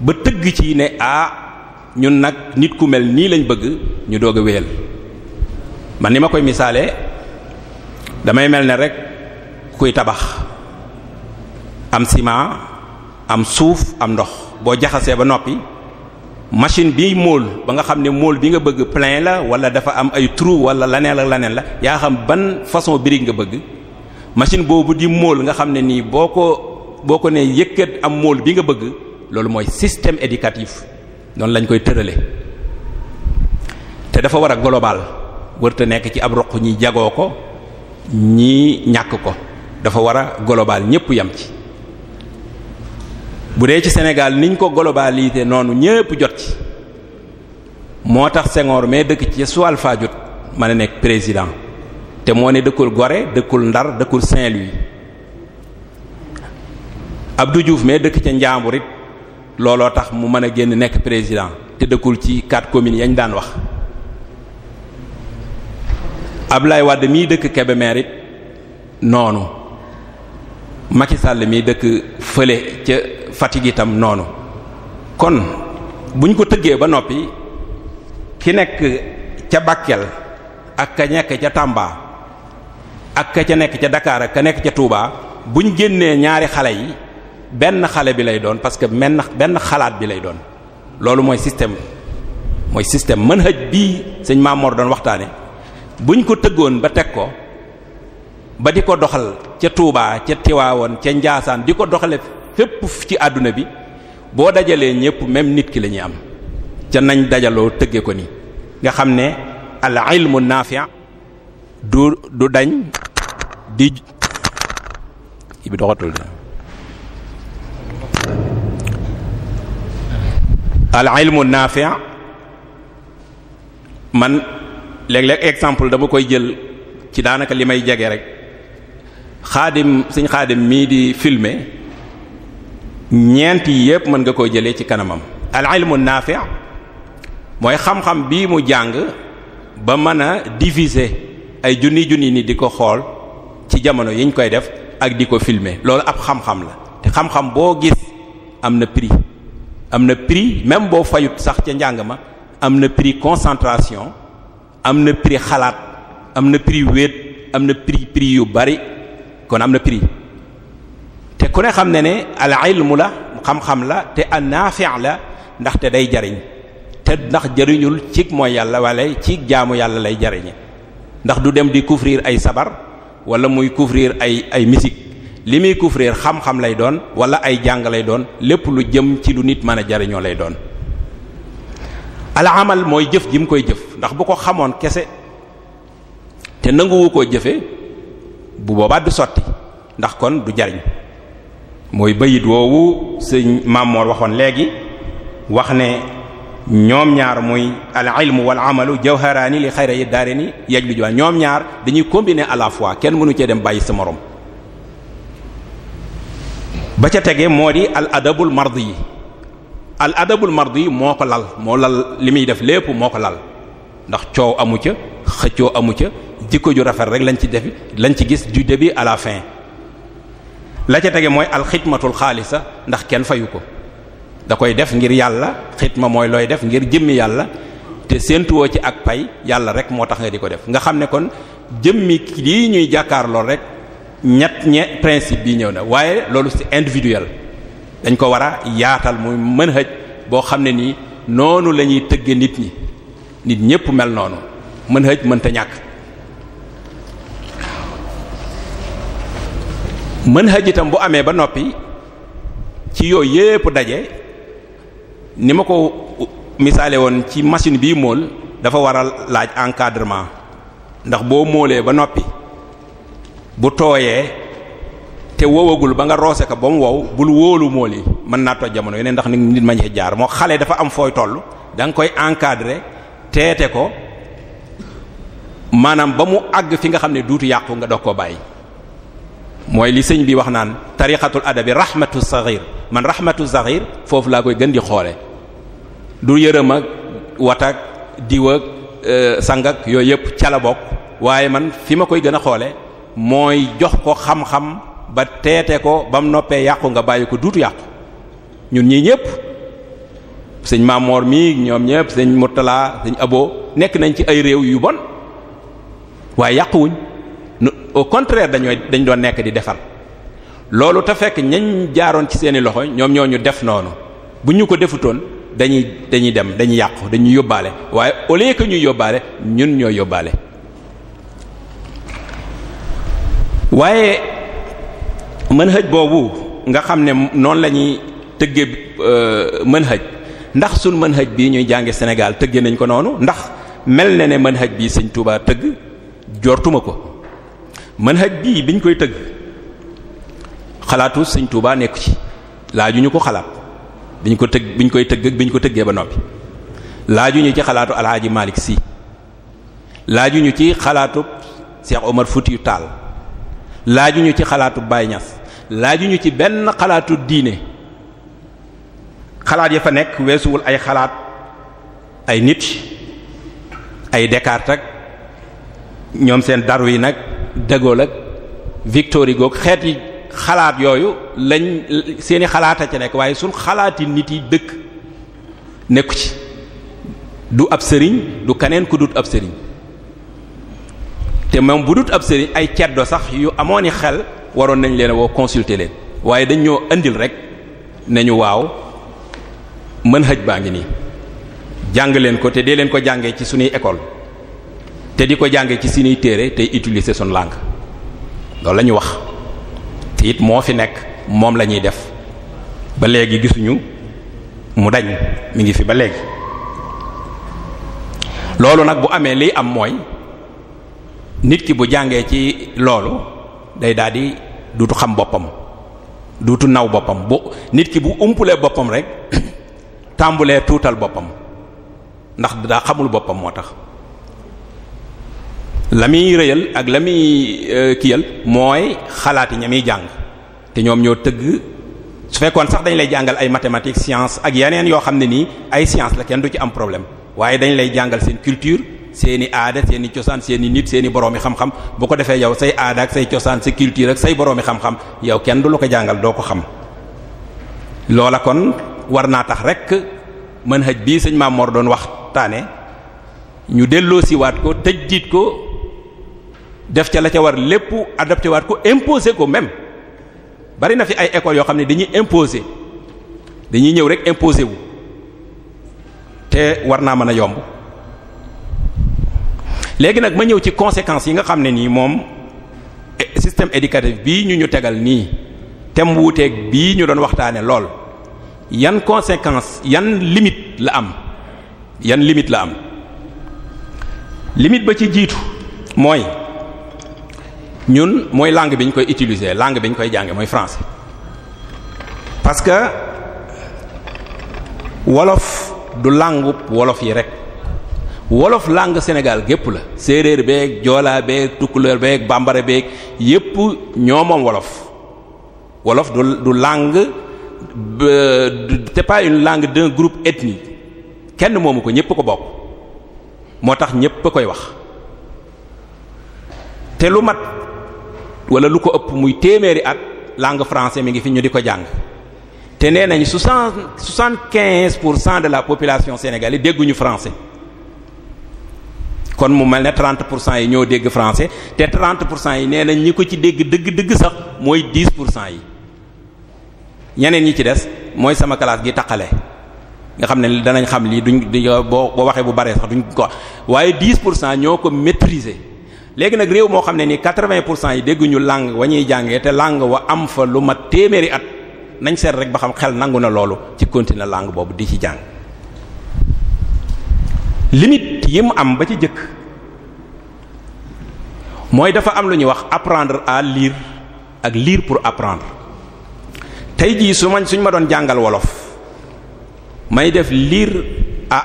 C: ba tëgg ci ne ah ñun nag nit ku mel nii lañ bëgg ñu doog a wéyal man ni ma koy misaalee damay mel ne rek kuy tabax am ciment am suuf am ndox boo jaxasee ba noppi machine bi móol ba nga xam ne móol bi nga bëgg plein la wala dafa am ay trou wala laneen la laneen la yaa xam ban façon brique nga bëgg machine boobu di móol nga xam ne nii boo ko boo ko nee yëkkat am móol bi nga bëgg loolu mooy système éducatif noonu lañ koy tërale te dafa war a global wërta nekk ci ab roq ñi jagoo ko ñii ñàkk ko dafa war a global ñépp yam ci bu dee ci Sénégal niñ ko globalisé noonu ñépp jot ci moo tax sengoor mais dëkk ci Joal Fadiouth mën a nekk président te moo ne dëkkul Gorée dëkkul Ndar dëkkul Saint-Louis du Diouf mais dëkk ca Njambur it looloo tax mu mën a génn nekk président te dëkkul ci quatre communes yañ daan wax Ablaye Wade mii dëkk Kébémer it noonu Macky Sall mii dëkk fële ca Fatick itam noonu kon buñ ko tëggee ba noppi ki nekk ca Bakel ak ka nekk ca Tamba ak ka ca nekk ca Dakar ka nekk ca Touba buñ génnee ñaari xale yi benn xale bi lay doon parce que benn xalaat bi lay doon loolu mooy système mooy système manhaj bii sëñ Mamor doon waxtaane buñ ko tëggoon ba teg ko ba di ko doxal ca tuuba ca Tiwaawoon ca Njaasaan di ko doxale fépp ci àdduna bi boo dajalee ñépp même nit ki lañuy am ca nañ dajaloo tëgge ko ni nga xam ne al ilmu naafi' du du dañ di doxatul al ilmu naafi' man léeg-léeg exemple dama koy jël ci daanaka li may jege rek xaadim suñ xaadim mii di filmer ñeent yi yépp mën nga ko jëlee ci kanamam al ilmu mooy xam-xam bii mu jàng ba mën a diviser ay junni junni ni di ko xool ci jamono yiñ koy def ak di ko filmer loolu ab xam-xam la te xam-xam boo gis am na prix am na prix même boo fayut sax ca njàng ma am na prix concentration am na prix xalaat am na prix wéet am na prix prix yu bari kon am na prix te ku ne xam ne ne al ilmu la xam-xam la te an nafi' la ndaxte day jariñ te ndax jariñul cig mooy yàlla walla ci jaamu yàlla lay jariñe ndax du dem di couvrir ay sabar wala muy couvrir ay ay musique li muy couvrir xam-xam lay doon wala ay jàng lay doon lépp lu jëm ci lu nit mën a jariñoo lay doon al amal mooy jëf ji mu koy jëf ndax bu ko xamoon kese te nanguwu ko jëfe bu boobaa du sotti ndax kon du jariñ mooy bayit woowu sëñ Maamoor waxoon léegi wax ne ñoom ñaar muy al ilmu wal amalu jawharaani li xayra yi daare ni yaj lu juwaan ñoom ñaar dañuy combiner à la fois kenn mënu cee dem bàyyi sa morom ba ca tege moo di al adabul mardi yi al adabul mardi yi moo ko lal moo lal li muy def lépp moo ko lal ndax coow amu ca xëccoo amu ca jikko ju rafet rek lañ ci def lañ ci gis du début à la fin la ca tege mooy alxidmatul xaalisa ndax kenn fayu ko da koy def ngir yàlla xidma mooy looy def ngir jëmmi yàlla te séentuwoo ci ak pay yàlla rek moo tax nga di ko def nga xam ne kon jëmmi lii ñuy jàkkaar lool rek ñett ñe principe bi ñëw na waaye loolu ci individuel dañ ko war a yaatal muy mën hëj boo xam ne nii noonu la ñuy tëgge nit ñi nit ñépp mel noonu mën hëj mënta ñàkk mën hëj itam bu amee ba noppi ci yooyu yépp daje ni ma ko misaale woon ci machine bii mool dafa war a laaj encadrement ndax boo moolee ba noppi bu tooyee te wowagul ba nga roose ko ba mu wow bul wóolu mool yi mën naa toj jamono yeneen ndax nit ma ñi jaar moo xale dafa am fooy toll danga koy encadrer teete ko maanaam ba mu àgg fi nga xam ne duutu yàqu nga doog koo bàyyi mooy li sëñ bi wax naan tariqatul adabi rahmatu saghir man rahmatu saghir foofu laa koy gën di xoole du yërëm ak watak diwak euh, sangak yooyu yëpp cala bokk waaye man fi ma koy gën a xoole mooy jox ko xam-xam ba teete ko ba mu noppee yàqu nga bàyyi ko duutu yàqu ñun ñii ñëpp sëñ maamoor mi ñoom ñëpp sëñ Murtala sëñ Abo nekk nañ ci ay réew yu bon waaye yàquwuñ au contraire dañooy dañ doon nekk di defar loolu te fekk ñañ jaaroon ci seeni loxo ñoom ñoo ñu def noonu bu ñu ko defutoon dañuy dañuy dem dañuy yàqu dañuy yóbbaale waaye au lieu que ñuy yóbbaale ñun ñoo yóbbaale waaye manhaj boobu nga xam ne noonu la ñuy tëgge euh, manhaj ndax suñ manhaj bii ñuy jànge Sénégal tëggee nañ ko noonu ndax mel na ne manhaj bii sëñ Touba tëgg jortuma ko manhaj bi biñ koy tëgg xalaatu sëñ Touba nekku ci laajuñu ko xalaat biñ ko tëgg biñ koy tëgg biñ ko tëggee ba noppi laajuñu ci xalaatu malik si Sy laajuñu ci xalaatu Cheikh Omar Foutiyou Tall laajuñu ci xalaatu Baye Niass laajuñu ci benn xalaatu diine xalaat yi fa nekk weesuwul ay xalaat ay nit ay Descartes ak ñoom seen yi nag de Gaulle ak Victor Hugo xeet yi xalaat yooyu lañ seeni xalaat a ci nekk waaye suñ xalaati nit yi dëkk nekku ci du ab sëriñ du keneen ku dut ab sëriñ te moom bu dut ab sëriñ ay ceddo sax yu amoon i xel waroon nañ leen woo consulter leen waaye dañ ñoo indil rek nañu waaw mën xëj baa ngi nii jàng leen ko te dee leen ko jàngee ci suñuy école te di ko jàngee ci suñuy téere tey utiliser son langue loolu la wax te it moo fi nekk moom lañuy def ba léegi gisuñu mu dañ mu ngi fi ba léegi loolu nag bu amee liy am mooy nit ki bu jàngee ci loolu day daal di duutu xam boppam duutu naw boppam bu nit ki bu umpulee boppam rek tàmbulee tuutal boppam ndax daa xamul boppam moo tax la muy rëyal ak la muy euh, kiiyal mooy xalaati ña muy jàng te ñoom ñoo tëgg su fekkoon sax dañ lay jàngal ay mathématiques science ak yeneen yoo xam ne nii ay science la kenn du ci am problème waaye dañ lay jàngal seen culture seeni aada seeni cosaan seeni nit seeni boroomi xam-xam bu ko defee yow say aada ak say cosaan sa culture ak say boroomi xam-xam yow kenn du la ko jàngal doo ko xam loola war naa tax rek manhaj bii sëñ Maam Mor doon waxtaane ñu delloosiwaat ko tëj diit ko def ca la ca war lépp adopté waat ko imposé ko même bari na fi ay écoles yoo xam ne dañuy imposé dañuy ñëw rek imposé wu te war naa mën a yomb léegi nag ma ñëw ci conséquences yi nga xam ne nii moom eh, système éducatif bii ñu ñu tegal nii tem wuuteeg bii ñu doon waxtaane lool yan conséquence yan limite la am yan limite la am limite ba ci jiitu mooy ñun mooy langue bi ñu koy utiliser langue bi ñu koy jànge mooy français parce que wolof du langue wolof yi rek wolof langue Sénégal gépp la séeréer beeg joolaa beeg tukkuleer beeg bambara beeg yépp ñoo moom wolof wolof du du c'est pas une langue d'un groupe ethnique kenn moomu ko ñépp ko bokk moo tax ñépp koy wax te lu mat wala lu ko ëpp muy téeméeri at langue français mi ngi fi ñu di ko jàng te nee nañ soixante soixante-quinze pour cent de la population sénégalaise dégguñu français kon mu mel ne 30 pour cent yi ñoo dégg français te 30 pour cent yi nee nañ ñi ko ci dégg dëgg dëgg sax mooy 10 pour cent yi. ñeneen ñi ci des mooy sama classe gi taqale nga xam ne danañ xam lii duñ boo boo waxee bu baree sax duñ ko wax waaye 10 pour cent ñoo ko maîtriser léegi nag réew moo xam ne nii 80 pour cent yi dégguñu làng wa ñuy jàngee te làng wa am fa lu mat téeméeri at nañ seet rek ba xam xel nangu na loolu ci continuer langue boobu di ci jàng limite yi mu am ba ci jëkk mooy dafa am lu ñuy wax apprendre à liir ak liir pour apprendre. tey jii su ma suñ ma doon jàngal wolof may def lire à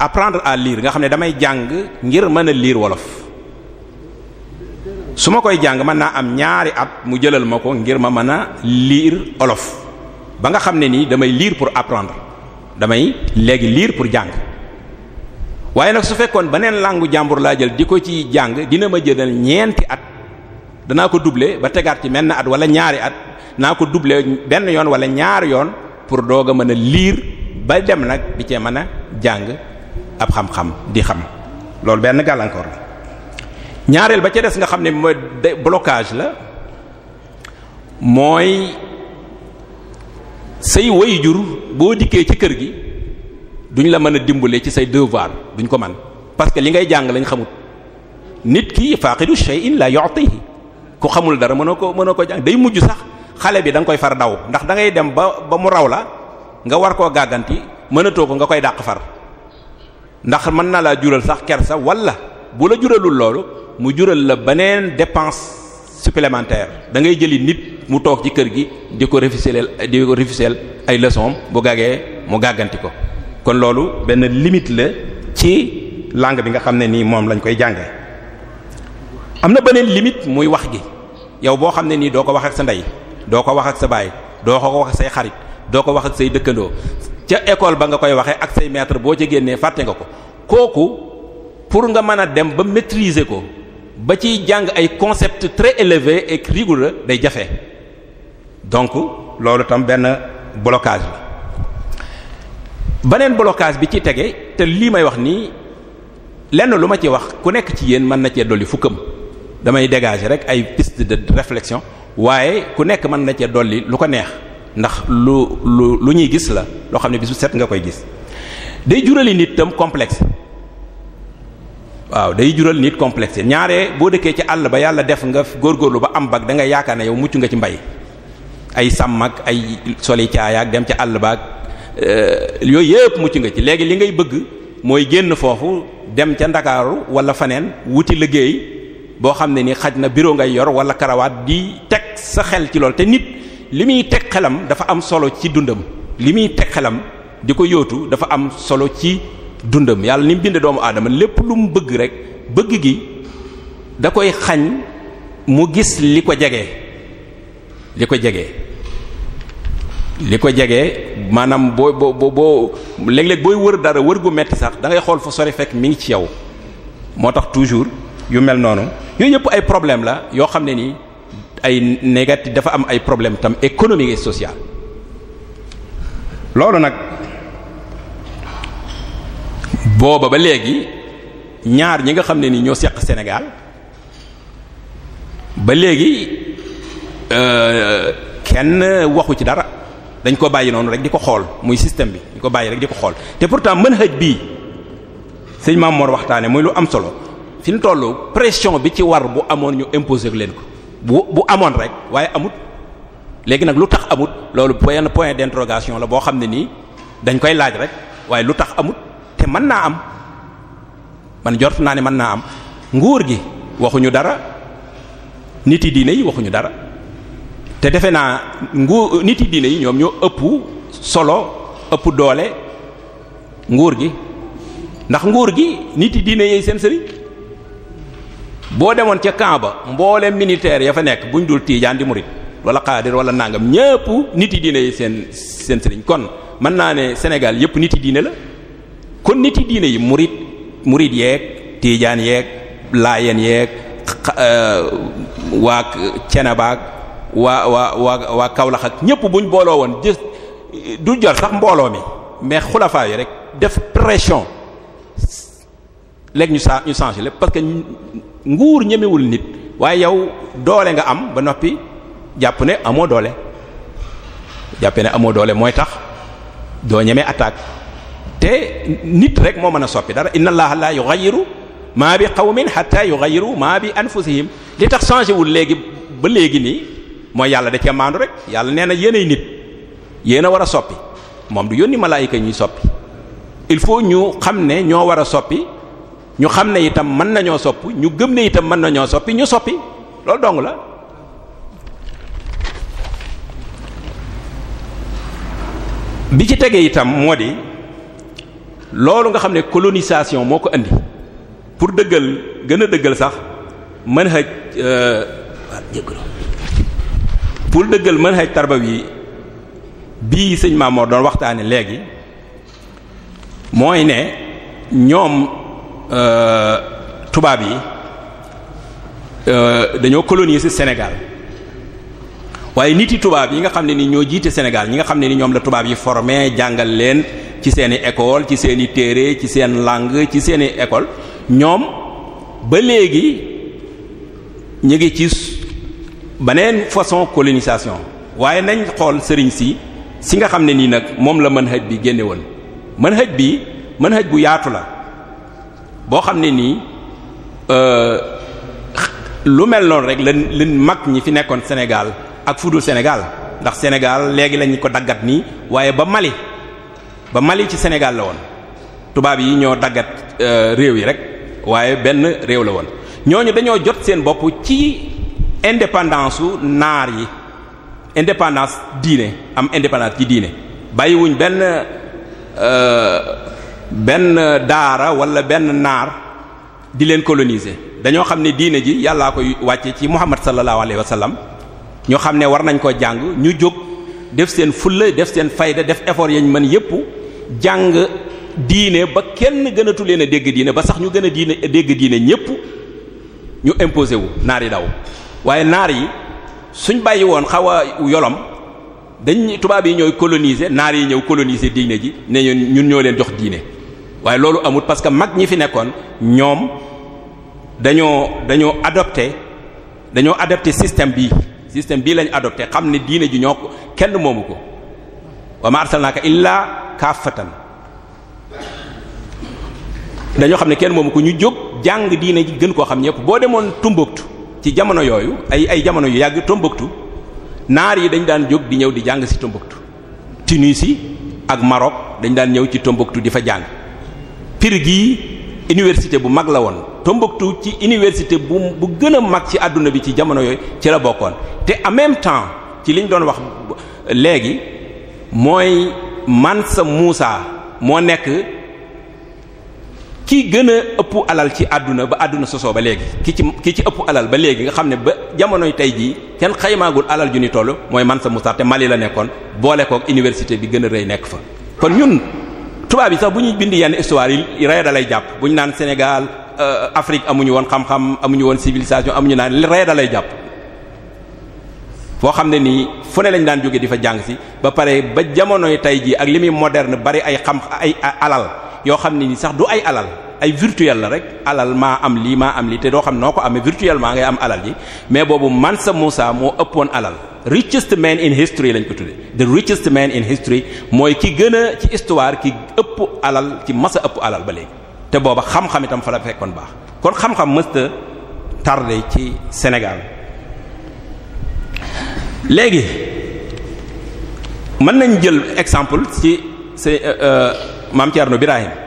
C: apprendre à lire nga xam ne damay jàng ngir mën a liir wolof su ma koy jàng mën naa am ñaari at mu jëlal ma ko ngir ma mën a liir wolof ba nga xam ne nii damay liir pour apprendre damay léegi liir pour jàng waaye nag su fekkoon beneen langue jàmbur laa jël di ko ci jàng dina ma jëlal ñeenti at. danaa ko duble ba tegaat ci menn at wala ñaari at naa ko doubler benn yoon wala ñaari yoon pour doog a mën a liir ba dem nag di cee mën a jàng ab xam-xam di xam loolu benn gàllankoor la ñaareel ba ca des nga xam ne mooy blocage la mooy say waajur boo dikkee ci kër gi duñ la mën a dimbale ci say devoir duñ ko man parce que li ngay jàng lañ xamut nit kii ki faqidu shay'in la yu'tihi ku xamul dara mën mënoo ko mënoo ko jàng day mujj sax xale bi danga koy far daw ndax dangay dem ba ba mu raw la nga war koo gàgganti mënatoo ko nga koy dàq far ndax mën na laa jural sax kersa wala bu la juralul loolu mu jural la beneen dépense supplémentaire da ngay jëli nit mu toog ci kër gi di ko refuser di ko refuser ay leçons bu gàggee mu gàgganti ko kon loolu benn limite la ci làng bi nga xam ne nii moom lañ koy jàngee. am na beneen limite muy wax gi yow boo xam ne nii doo ko wax ak sa ndey doo ko wax ak sa baay doo ko wax ak say xarit doo ko wax ak say dëkkandoo ca école ba nga koy waxee ak say maître boo ca génnee fàtte nga ko kooku pour nga mën a dem ba maîtriser ko ba ciy jàng ay concept très élevé et rigoureux day jafe donc loolu tam benn blocage la beneen blocage bi ci tege te lii may wax nii lenn lu ma ci wax ku nekk ci yéen mën na cee dolli fukkam damay dégager rek ay piste de réflexion waaye ku nekk mën na cee dolli lu ko neex ndax lu lu lu ñuy gis la loo xam ne bisu set nga koy gis day jurali nit tam complexe waaw day jural nit complexe ñaare boo dëkkee ci àll ba yàlla def nga góorgóorlu ba am bag da nga yaakaar ne yow mucc nga ci mbay ay sàmm ak ay soli caayaak dem ca àll baak euh, yooyu yëpp mucc nga ci léegi li ngay bëgg mooy génn foofu dem ca ndakaaru wala faneen wuti liggéey boo xam ne ni xaj na bureau ngay yor wala karawaat di teg sa xel ci lool te nit li muy teg xelam dafa am solo ci dundam li muy teg xelam di ko yóotu dafa am solo ci dundam yàlla ni mu bind doomu aadama lépp lu mu bëgg rek bëgg gi da koy xañ mu gis li ko jege li ko jege li ko jege maanaam boo boo boo léeg-léeg booy wër dara wër gu metti sax dangay xool fu sori fekk mi ngi ci yow moo tax toujours yu mel noonu yooyu yëpp ay problème la yoo xam ne ni ay négatif dafa am ay problème tam économique et social loolu nag booba ba léegi ñaar ñi nga xam ne ni ñoo seq Sénégal ba léegi euh, kenn waxu ci dara dañ ko bàyyi noonu rek di ko xool muy système bi di ko bàyyi rek di ko xool te pourtant mën hëj bii sëñ Maam Mor waxtaane muy lu am solo fi ñu toll pression bi ci war bu amoon ñu imposer leen ko bu bu amoon rek waaye amut léegi nag lu tax amut loolu benn point d'interrogation la boo xam ne nii dañ koy laaj rek waaye lu tax amut te mën naa am man jort naa ne mën naa am nguur gi waxuñu dara nit yi diine yi waxuñu dara te defe naa nguur nit yi diine yi ñoom ñoo ëpp solo ëpp doole nguur gi ndax nguur gi nit yi diine yi seen sëriñ boo demoon ca camp ba mboole militaire ya fa nekk buñ dul tiijaan di murit wala xaadir wala nangam ñëpp nit yi diine yi seen seen sëriñ kon mën naa ne Sénégal yëpp nit yi diine la kon nit yi diine yi murit murit yeeg tiijaan yeeg laayeen yeeg euh, waa cenebaag waa waa waa kawlaxak Kaolack ñëpp buñ booloo woon du jor sax mbooloo mi mais xulafaa rek def pression léegi ñu saa ñu changé lépp parce que nguur ñemewul nit waaye yow doole nga am ba noppi jàpp ne amoo doole jàppe ne amoo doole mooy tax doo ñemee attaque te nit rek moo mën a soppi dara inna allaha la yughayyiru maa bi xaw qawmin hatta yughayyiru maa bi anfusihim li tax changé wul léegi ba léegi nii mooy yàlla da cee maandu rek yàlla nee na yéenay nit yéen a war a soppi moom du yónni malaayika ñuy soppi il faut ñu xam ne ñoo war a soppi ñu xam ne itam mën nañoo sopp ñu gëm ne itam mën nañoo soppi ñu soppi loolu dong la bi ci tegee itam moo di loolu nga xam ne colonisation moo ko indi pour dëggal gën a dëggal sax mën xaj euh, pour dëggal mën xaj tarbaw yi bii sëñ Maamoor doon waxtaane léegi mooy ne ñoom Euh, tubaab yi euh, dañoo coloniser Sénégal waaye nit yi tubaab yi nga xam ne ni ñoo jiite Sénégal ñi nga xam ne ni ñoom la tubaab yi formé jàngal leen ci seeni école ci seeni téere ci seen làng ci seeni école ñoom ba léegi ñu ngi ci beneen façon colonisation waaye nañ xool sëriñ si si nga xam ne nii nag moom la manhaj bi génne woon manhaj bu yaatu la boo xam ne nii euh, lu mel noonu rek lan mag ñi fi nekkoon Sénégal ak fudul Sénégal ndax Sénégal léegi lañ ko daggat nii waaye ba Mali ba Mali ci Sénégal la woon tubaab yi ñoo daggat euh, réew yi rek waaye benn réew la woon ñooñu dañoo jot seen bopp ci indépendance su naar yi indépendance diine am indépendance ci diine bàyyiwuñ benn. Euh, benn daara wala benn naar di leen coloniser dañoo xam ne diine ji yàllaa koy wàcce ci Muhammad sallallahu alayhi wa sallam ñu xam ne war nañ ko jàng ñu jóg def seen fulla def seen fayda def effort yañ mën yépp jàng diine ba kenn gënatu leen a dégg diine ba sax ñu gën a diine dégg diine ñépp ñu imposé wu naar yi daw waaye naar yi suñ bàyyi woon xaw a yolom dañ tubaab yi ñooy coloniser naar yi ñëw coloniser diine ji ne ñun ñoo leen jox diine waaye loolu amul parce que mag ñi fi nekkoon ñoom dañoo dañoo adopté dañoo adopté système bii système bii lañu adopté xam ne diine ji ñoo ko kenn moomu ko wa ma arsalnaaka illaa kaafatan dañoo xam ne kenn moomu ko ñu jóg jàng diine ji gën koo xam ñëpp boo demoon Tombouctou ci jamono yooyu ay ay jamono yu yàgg Tombouctou naar yi dañ daan jóg di ñëw di jàng ci Tombouctou Tunisie ak Maroc dañ daan ñëw ci Tombouctou di fa jàng pir gi université bu mag la woon Tombouctou ci université bu bu gën a mag ci àdduna bi ci jamono yooyu ci la bokkoon te en même temps ci li liñ doon wax léegi mooy Mansa Musa moo nekk ki gën a ëpp alal ci àdduna ba àdduna sosoo ba léegi ki ci ki ci ëpp alal ba léegi nga xam ne ba jamonoy tey jii kenn xaymaagul alal ju ni toll mooy Mansa Musa te Mali la nekkoon boole kook université bi gën a rëy nekk fa kon ñun tubaab yi sax bu ñuy bind yenn histoire yi reeda jàpp bu ñu naan Sénégal euh, Afrique amuñu woon xam-xam amuñu woon civilisation amuñu naan reeda lay jàpp foo xam ne nii fu ne lañ daan jóge di fa jàng si ba pare ba jamonoy tey jii ak li muy moderne bari ay xam ay alal yoo xam ne nii sax du ay alal ay virtuel la rek alal maa am lii maa am lii te doo xam noo ko amee virtuellement ngay am alal ji mais boobu Mansa Musa moo ëppoon alal richest man in history lañ ko tuddee the richest man in history mooy ki gën a ci histoire ki ëpp alal ci masa ëpp alal ba léegi te booba xam-xam itam fa la fekkoon baax kon xam-xam mësta tardé ci Sénégal léegi mën nañ jël exemple ci euh, euh, Maam Thierno Birahim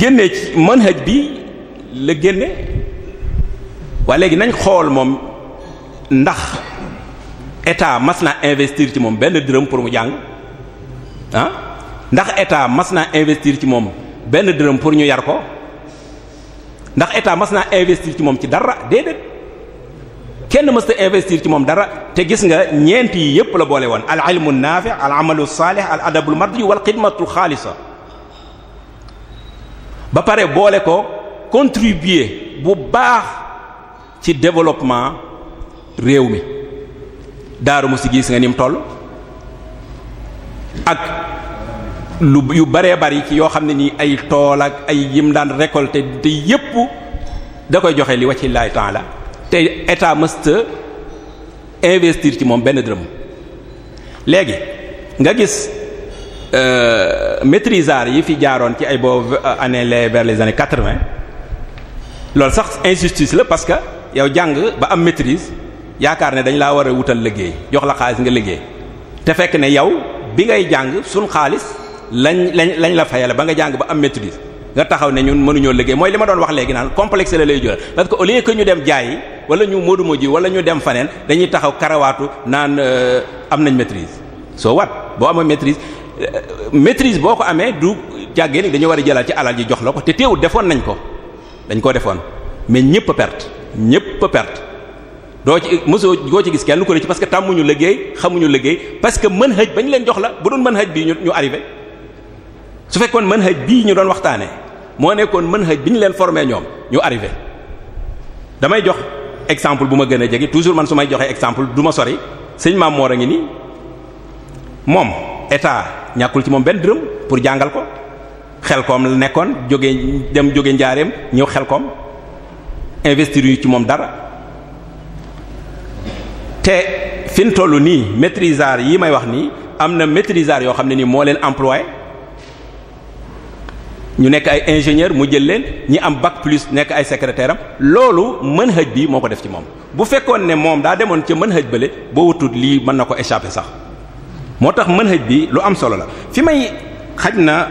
C: génnee ci manhaj bi la génne waa léegi nañ xool moom ndax état mas naa investir ci moom benn dërëm pour mu jàng ah ndax état mas naa investir ci moom benn dërëm pour ñu yar ko ndax état mas naa investir ci moom ci dara déedéet kenn mas ta investir ci moom dara te gis nga ñeent yi yépp la boole woon al ilmu naafi al amalu saalih al adabul mardi wal xidmatu xaalisa ba pare boole ko contribue bu baax ci développement réew mi Daaru Musi gis nga ni toll ak lu yu baree bari ci yoo xam ne nii ay tool ak ay yim daan récolter te yépp da koy joxe li wacci laay temps la te état mësta investir ci moom benn dërëm léegi nga gis Euh, maîtrisards yi fi jaaroon ci ay boobu euh, année les vers les années quatre-vingt loolu sax injustice la parce que yow jàng ba am maîtrise yaakaar ne dañ laa war a wutal liggéey jox la xaalis nga liggéey te fekk ne yow bi ngay jàng suñ xaalis lañ lañ lañ la fayale ba nga jàng ba am maîtrise nga taxaw ne ñun mënuñoo liggéey mooy li ma doon wax léegi naan complexe la lay jël parce que au ñu dem jaayi wala ñu modumo ji wala ñu dem faneen dañuy taxaw karawaatu naan euh, am nañ maîtrise soo maîtrise boo ko amee du jàggee ni dañoo war a jëlaat ci alal yi jox la ko te teewul defoon nañ ko dañ koo defoon mais ñëpp a perte ñëpp a perte doo ci mosoo goo ci gis kenn ko ci parce que tàmmuñu liggéey xamuñu liggéey parce que mën hëj bañ leen jox la bu doon mën hëj bi ñu ñu arrivé su fekkoon mën hëj bii ñu doon waxtaanee moo nekkoon mën hëj bi ñu leen formé ñoom ñu arrivé damay jox exemple bu ma gën a jege toujours man su may joxee exemple duma ma sori sëñ Maam Mor a ngi ñàkkul ci moom benn dërëm pour jàngal ko xel koom nekkoon jóge dem jóge njaareem ñëw xel koom investir yu ci moom dara te fi ñu toll nii maîtrisards yi may wax nii am na maîtrisards yoo xam ne nii moo leen employé ñu nekk ay ingénieur mu jël leen ñi am bac plus nekk ay secrétaire am loolu mën hëj bi moo ko def ci moom bu fekkoon ne moom daa demoon ca mën hëj bale boo wutut lii mën na ko échapper sax moo tax mën manhaj bi lu am solo la fi may xaj na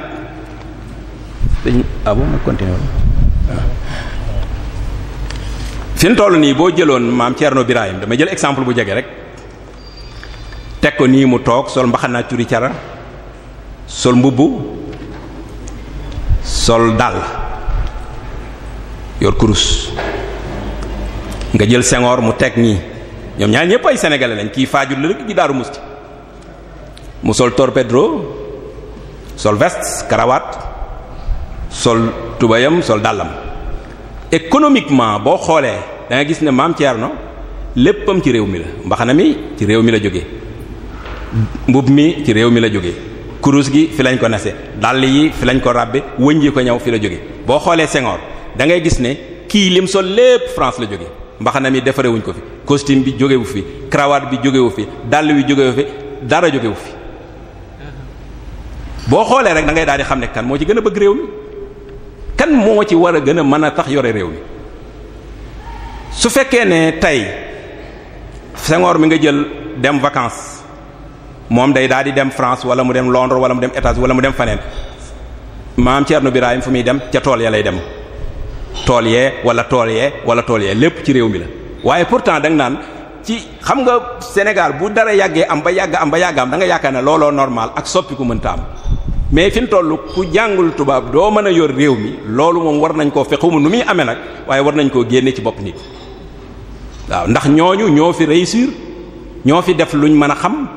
C: dañ ah bon ma continuer nii boo jëloon maam Thierno Birahim damay jël exemple bu jege rek teg ko nii mu toog sol mbaxanaa turi cara sol mbubb sol daal yor kurus nga jël sengoor mu teg nii ñoom ñaar ñëpp ay senegale lañ kii faajul la rek ci Daaru Musti mu sol torpedro sol veste karawaat sol tubayam sol dàllam économiquement boo xoolee da gis ne maam Thierno léppam ci réew mi la mbaxana mi ci réew mi la jóge mbub mi ci réew mi la jóge kurus gi fi lañ ko nase dàll yi fi lañ ko ràbbe wëñ yi ko ñaw fi la jóge boo xoolee Senghor dangay gis ne kii lim sol lépp France la jóge mbaxana mi defarewuñ ko fi costume bi jógewu fi cravate bi jógewu fi dàll yi jógewu fi dara jógewu fi boo xoolee rek da ngay daal di xam ne kan moo ci gën a bëgg réew mi kan moo ci war a gën a mën a tax yore réew mi su fekkee ne tey Senghor mi nga jël dem vacances moom day daal di dem France wala mu dem Londres wala mu dem États wala mu dem faneen maam Thierno Birahim fu muy dem ca tool ya lay dem tool yee wala tool yee wala tool yee lépp ci réew mi la waaye pourtant da nga naan ci xam nga Sénégal bu dara yàggee am ba yàgg am ba yàgg am nga yaakaar ne looloo normal ak soppi ku mais fi mu ku jàngul tubaab doo mën a yor réew mi loolu moom war nañ koo fexuma nu muy amee nag waaye war nañ koo génne ci bopp nit waaw ndax ñooñu ñoo fi réussir ñoo fi def luñ mën a xam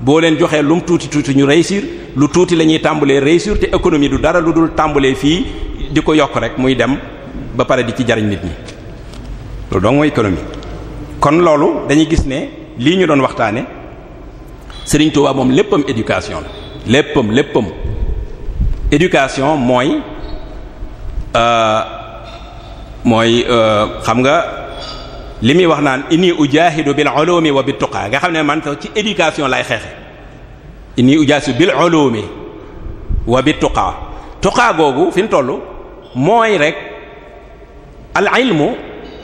C: boo leen joxee lum tuuti tuuti ñu réussir lu tuuti la ñuy tàmbalee réussir te économie du dara lu dul tàmbalee fii di ko yokk rek muy dem ba pare di ci jariñ nit ñi loolu dong mooy kon loolu dañuy gis ne lii ñu doon waxtaane Serigne Touba moom léppam éducation la léppam léppam éducation mooy euh, mooy euh, xam nga li muy wax naan inni ujahidu bil ulumi wa bit tuqa nga xam ne man ci éducation lay xeexe inni ujahidu bil ulumi wa bit tuqa tuqa googu fi mu toll mooy rek al ilmu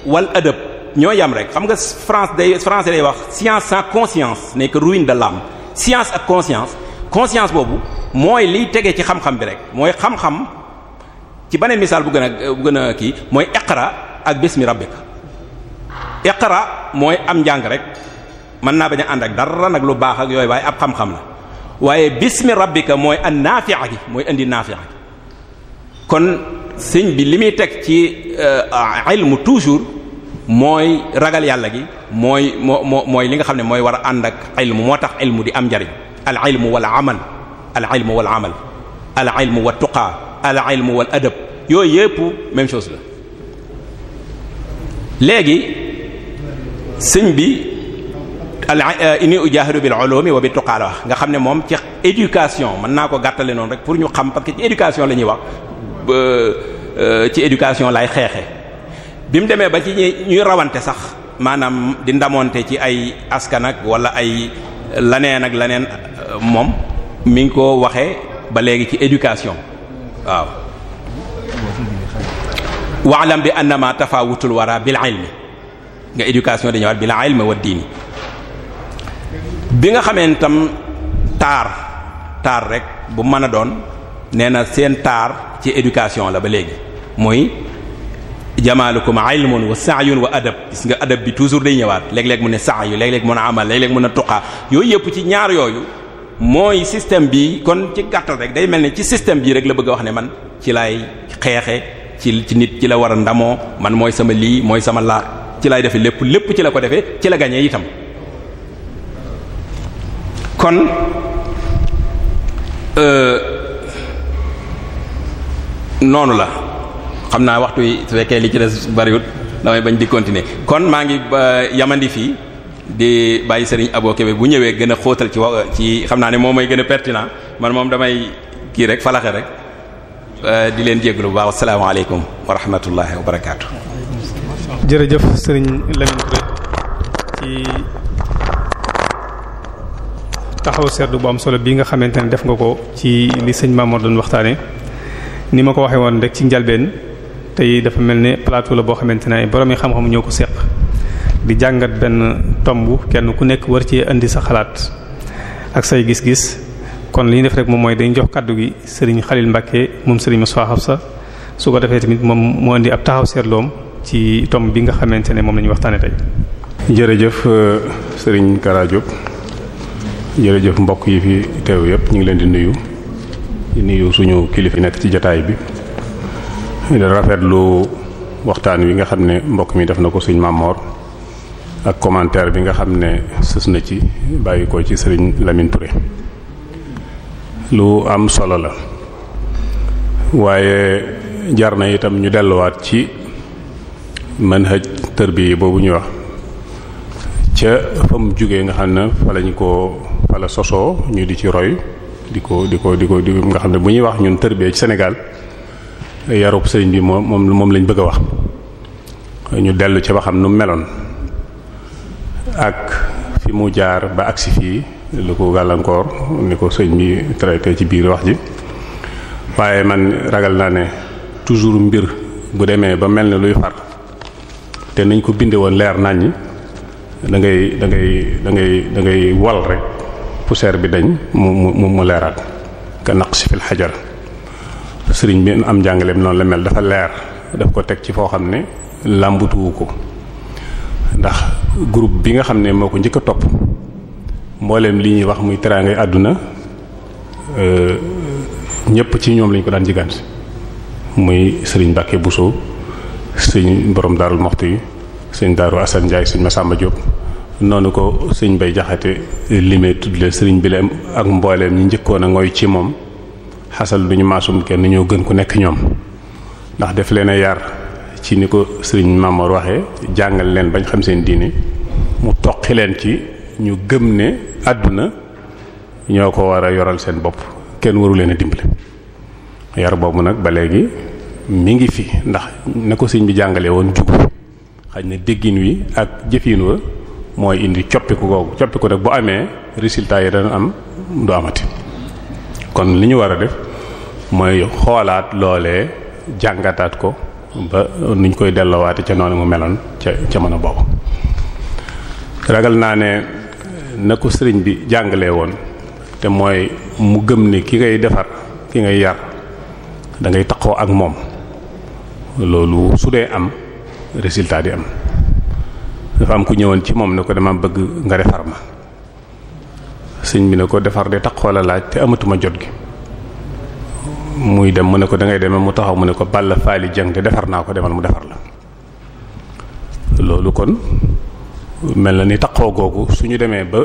C: wal adab ñoo yam rek xam nga France day français day wax science sans conscience nekk que ruine de lam science ak conscience conscience boobu mooy liy tege ci xam-xam bi rek mooy xam-xam ci beneen misaal bu gën a bu gën a kii mooy iqra ak bismi rabbika iqra mooy am njàng rek mën naa bañ a ànd ak dara nag lu baax ak yooyu waaye ab xam-xam la waaye bismi rabbika mooy an naafi'a gi mooy indi naafi'a gi kon sëñ bi li muy teg ci euh, ilmu toujours mooy ragal yàlla gi mooy moo moo mooy li nga xam ne mooy war a ànd ak ilmu moo tax ilmu di am njariñ al ilmu wal amal al ilmu wal amal al ilmu wa tuqaa al ilmu wal yooyu yépp même chose la léegi sëñ bi al ini ujahiru bi tuqaa la wax nga xam ne moom ci éducation mën naa ko gàttale noonu rek pour ñu xam parce que la ñuy wax euh, ci éducation lay xeexe bi mu demee ba ci ñuy rawante sax maanaam di ndamonte ci ay askan ak ay laneen ak laneen moom mi ngi ko waxee ba léegi ci éducation waaw waalam bi annama tafawutul wara bil ilmi nga éducation dañu waat bil ilmi wa diini bi nga xamee tam taar taar rek bu mën a doon nee na seen taar ci éducation la ba léegi mooy jamaalukum ilmun wa sa'yun wa adab gis nga adab bi toujours day ñëwaat léeg-léeg mu ne sa'yu léeg-léeg mu a amal léeg-léeg mu a tuqaa yooyu yëpp ci ñaar yooyu mooy système bi kon ci gàttal rek day mel ni ci système bii rek la bëgg a wax ne man ci laay xeexe ci ci nit ci la war a ndamoo man mooy sama lii mooy sama laar ci laay defe lépp lépp ci la ko defee ci la gañee itam kon euh, noonu la xam naa waxtu yi su fekkee li ci des bariwut damay bañ di continuer kon maa ngi euh, yamandi fii di bàyyi sëriñ aboo Kébé bu ñëwee gën a xóotal ci wa ci xam naa ne moom mooy gën a pertinent man moom damay kii rek falaxe rek euh, di leen jéglu bu baax asalaamaaleykum wa rahmatullahi wa barakaatu.
A: jërëjëf am solo bi nga xamante ne def nga ko ci li sëñ Mamour doon waxtaane ni ma ko waxee woon rek ci njalbeen tey dafa mel ne plateau la boo xamante ne ay borom yi xam-xam ñoo ko seq. di jàngat benn tomb kenn ku nekk wër ci indi sa xalaat ak say gis-gis kon li ñu def rek moom mooy dañ jox kàddu gi sëriñ Xalil Mbàkke moom sëriñ Moussa Hafsa su ko defee tamit moom moo indi ab taxaw seetloom ci tomb bi nga xamante ne moom la ñu waxtaanee tey.
D: jërëjëf euh, sëriñ Kara Diop jërëjëf mbokk yi fi teew yëpp ñu ngi leen di nuyu di nuyu suñu kilifa nekk ci jataay bi di rafetlu waxtaan wi nga xam ne mbokk mi def na ko suñ Mamor. ak commentaire bi nga xam ne sës na ci bàyyi ci sëriñ Lamine Touré lu am solo la waaye jar na itam ñu delluwaat ci manhaj tërbiya boobu ñuy wax ca fa jógee nga xam ne fa koo ko fa sosoo ñu di ci roy di ko di ko di ko di nga xam ne bu ñuy wax ñun tërbiya ci senegal yarub sëriñ bi moom moom moom lañ bëgg a wax ñu dellu ca ba xam nu meloon ak fi mu jaar ba agsi fii lu ko gàllankoor ni ko sëñ bi traité ci biir wax ji waaye man ragal naa ne toujours mbir bu demee ba mel ne luy far te nañ ko binde woon leer naññi da dangay dangay dangay da wal rek poussière bi dañ mu mu mu leeraat ka naqs fil xajar sëriñ bi am njàngaleem noonu la mel dafa leer daf ko teg ci foo xam ne làmbutuwu ko ndax groupe bi nga xam ne moo ko njëkk a topp mbooleem li ñuy wax muy teraangay àdduna euh, ñëpp ci ñoom lañ ko daan jigante muy sëriñ Mbàkke Bousso sëñ boroom daarul moxtu yi sëñ daaru Assane Ndiaye sëñ sàmma Diop noonu ko sëñ Bay Jaxate limee tudd leen sëriñ bi leen ak mbooleem ñi njëkkoon a ngooy ci moom xasal duñu maasum kenn ñoo gën ku nekk ñoom ndax def leen a yar ci ni ko sëriñ Mamor waxee jàngal leen bañ xam seen diini mu toqi leen ci ñu gëm ne àdduna ñoo ko war a yoral seen bopp kenn waru leen a dimbale yar boobu nag ba léegi mi ngi fi ndax na ko sëñ bi jàngale woon jugu xaj na déggin wi ak jëfin wa mooy indi coppiku googu coppiku nag bu amee résultat yi dana am du amati kon li ñu war a def mooy xoolaat loole jàngataat ko ba nuñ koy delloowaate ca noonu mu meloon ca ca mën boobu ragal naa ne na ko sëriñ bi jàngalee woon te mooy mu gëm ni ki ngay defar ki ngay yar dangay ngay ak moom loolu su dee am résultat di am dafa am ku ñëwoon ci moom ne ko dama bëgg nga defar ma sëñ bi ne ko defar de taqoo la laaj te amatuma jot gi muy dem mu ne ko dangay demee mu taxaw mu ne ko Balla Faali Jeng de defar naa ko demal mu defar la loolu kon mel na ni taqoo googu su ñu demee ba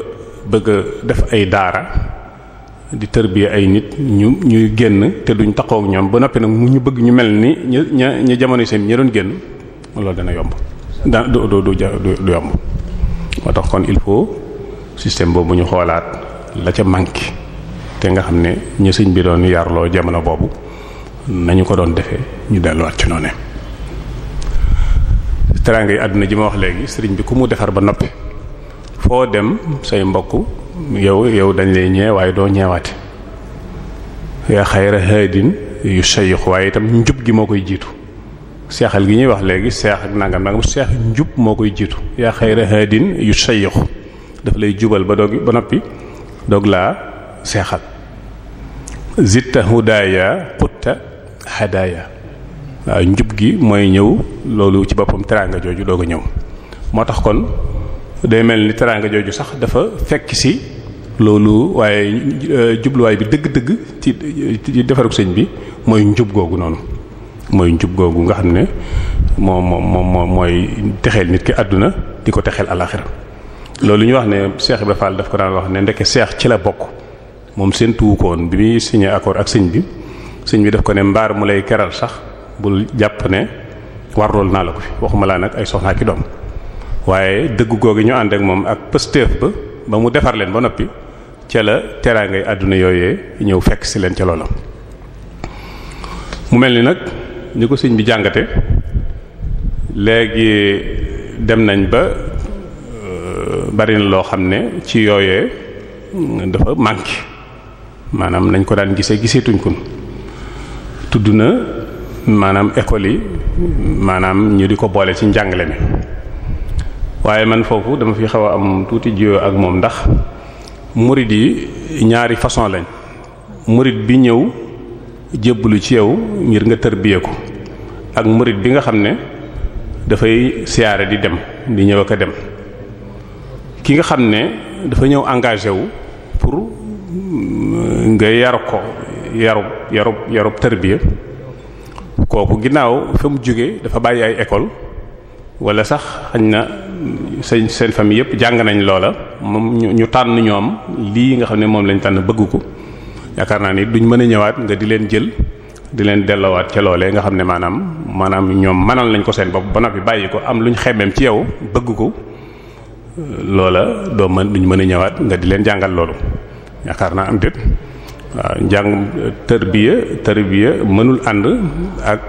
D: bëgg a def ay daara di tërbiya ay nit ñu ñuy génn te duñ taqoo ak ñoom ba noppi nag mu ñu bëgg ñu mel ni ñu ña ña jamono seen ña doon génn loolu dana yomb da du du du yomb moo tax kon il faut système boobu ñu xoolaat la ca manqué te nga xam ne ñi sëñ bi doon yarloo jamono boobu nañu ko doon defee ñu delluwaat ci noonu teraanga yi àdduna ji ma wax léegi sëriñ bi ku mu defar ba noppi foo dem say mbokk yow yow dañ lay ñee waaye doo ñeewaate yaa xayra haadin itam njub gi moo koy jiitu seexal gi ñuy wax léegi seex ak nangam nangam seex njub moo koy jiitu yaa xayra yu sayux dafa jubal ba doog ba noppi doog laa seexal zitta hudaaya xutta hadaaya waaw njub gi mooy ñëw loolu ci boppam teraanga jooju doog a ñëw moo tax kon day mel ni teraanga jooju sax dafa fekk si loolu waaye e, jubluwaay bi dëgg-dëgg ci ci defarug sëñ bi mooy njub googu noonu mooy njub googu nga xam ne moom moom moom mooy texeel nit ki àdduna di ko texeel alaxira loolu ñu wax ne Cheikh Ibrahima Fall daf ko daan wax ne ndeke seex ci la bokk moom seen tuwu ko bi muy signé accord ak sëñ bi sëñ bi def ko ne mbaar mu lay keral sax bul jàpp ne warlool naa la ko fi waxuma laa nag ay soxnaa ki doom waaye dëgg googu ñu ànd moom ak pësteef ba ba mu defar leen ba noppi ca la teraangay àdduna yooyee ñëw fekk si leen ca loola mu mel ni nag ni ko sëñ bi jàngate léegi dem nañ ba euh, barina loo xam ne ci yooyee dafa manqué maanaam nañ ko daan gisee giseetuñ ko tudd na maanaam école yi maanaam ñu di ko boole ci njàngale mi waaye man foofu dama fi xaw a am tuuti jiyoo ak moom ndax murid yi ñaari façon lañ murid bi ñëw jébbalu ci yow ngir nga tërbiye ko ak murid bi nga xam ne dafay siyaare di dem di ñëw ak a dem ki nga xam ne dafa ñëw engagé wu pour nga yaru ko yarub yarub yarub tarbiya kooku ginnaaw fa mu jógee dafa bàyyi ay école wala sax xañ na seen seen famille yëpp jàng nañ loola moom ñu tànn ñoom lii nga xam ne moom lañ tànn bëgg ko yaakaar naa nit duñ mën a ñëwaat nga di leen jël di leen delloowaat ca loolee nga xam ne maanaam maanaam ñoom mënal nañ ko seen bopp ba noppi bàyyi ko am luñ xemmeem ci yow bëgg ko loola doo mën duñ mën a ñëwaat nga di leen jàngal loolu. yaakaar naa am déet waaw njàngum tarbiya tarbiya mënul ànd ak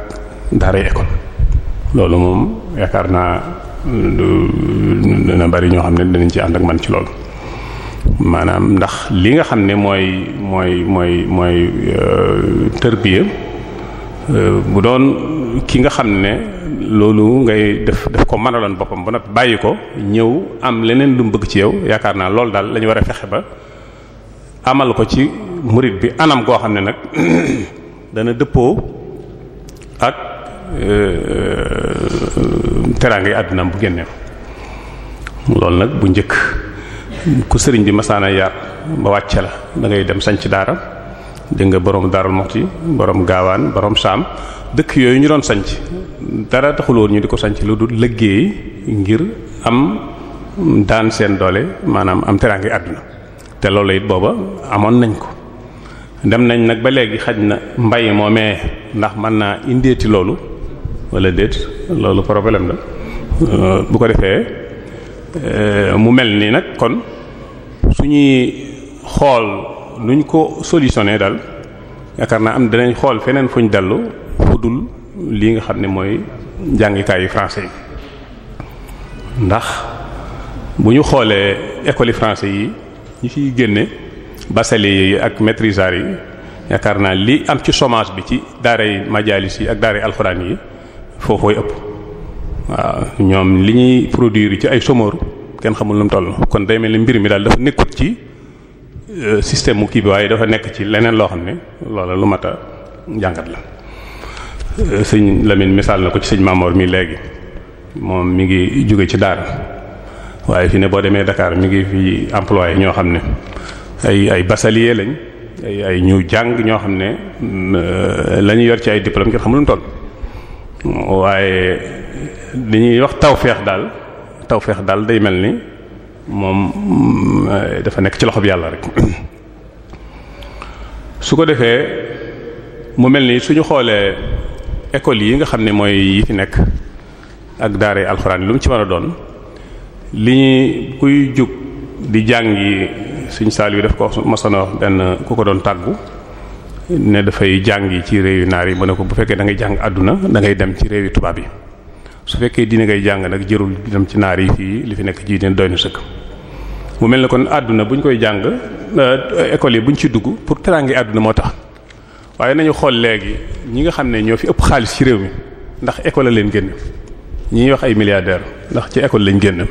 D: daara école loolu moom yaakaar naa dina bari ñoo xam ne dinañ ci ànd ak man ci loolu maanaam ndax li nga xam ne mooy mooy mooy mooy euh, tarbiya euh, bu doon ki nga xam ne loolu ngay def def ko mënaloon boppam ba noppi bàyyi ko ñëw am leneen lu bëgg ci yow yaakaar naa loolu daal la ñu war a fexe ba amal ko ci murit bi anam goo xam ne nag dana dëppoo ak euh, teraanga yi àddinaam bu génnee loolu nag bu njëkk ku sëriñ bi masaana yar ba wàcce la dangay ngay dem sanc daara di nga borom daaral moxti borom gaawaan boroom saam dëkk yooyu ñu doon sanc dara taxuloon ñu di ko sanc lu dul liggéey ngir am daan seen doole maanaam am teraanga yi àdduna te loolu yit booba amoon nañ ko dem nañ nag ba léegi xaj na mbay moomee ndax mën naa indeeti loolu walla déet loolu problème la euh, bu ko defee euh, mu mel nii nag kon suñuy xool luñ ko solutionné daal yaakaar naa am danañ xool feneen fuñ dellu fudul lii nga xam ne mooy jàngikaayu français yi ndax bu ñu xoolee école français yi ñi fiy génne basale yi ak maîtrisards yi yaakaar naa li am ci chômage bi ci daaray majalis yi ak daaray alxuraan yi foofooy ëpp waaw ñoom li ñuy produir produire ci ay chômeurs kenn xamul lu mu toll kon day mel ni mbir mi daal dafa nekkut ci euh, système mu kii bi waaye dafa nekk ci leneen loo xam ne loola lu mat a jàngat la euh, sëñ Lamine misaal na ko ci sëñ Mamor mi léegi moom mi ngi jóge ci daara waaye fi ne boo demee Dakar mi ngi fi employé ñoo xam ne ay ay bachelier lañ ay ay ñu jàng ñoo xam ne euh, la yor ci ay diplôme ngir xam lu mu toll waaye dañuy wax tawfeex daal tawfeex daal day mel ni moom euh, dafa nekk ci loxob yàlla rek su ko defee mu mel ni suñu xoolee écoles yi nga xam ne mooy yi fi nekk ak daare alxuraan lu mu ci mën a doon li ñuy kuy jug di jàngi suñ saal yi daf ko masana wax benn ku ko doon tàggu ne dafay jàng yi ci réew yu naar yi mu ne ko bu fekkee da ngay jàng àdduna da ngay dem ci réew yu tubaab yi su fekkee dina ngay jàng nag jërul dem ci naar yi fii li fi nekk ji ne doy na sëkk mu mel ne kon àdduna bu ñu koy jàng euh, école yi bu ñu ci dugg pour teraange àdduna moo tax waaye nañu xool léegi ñi nga xam ne ñoo fi ëpp xaalis ci réew mi ndax école leen génn ñi wax ay milliardaires ndax ci école lañ génn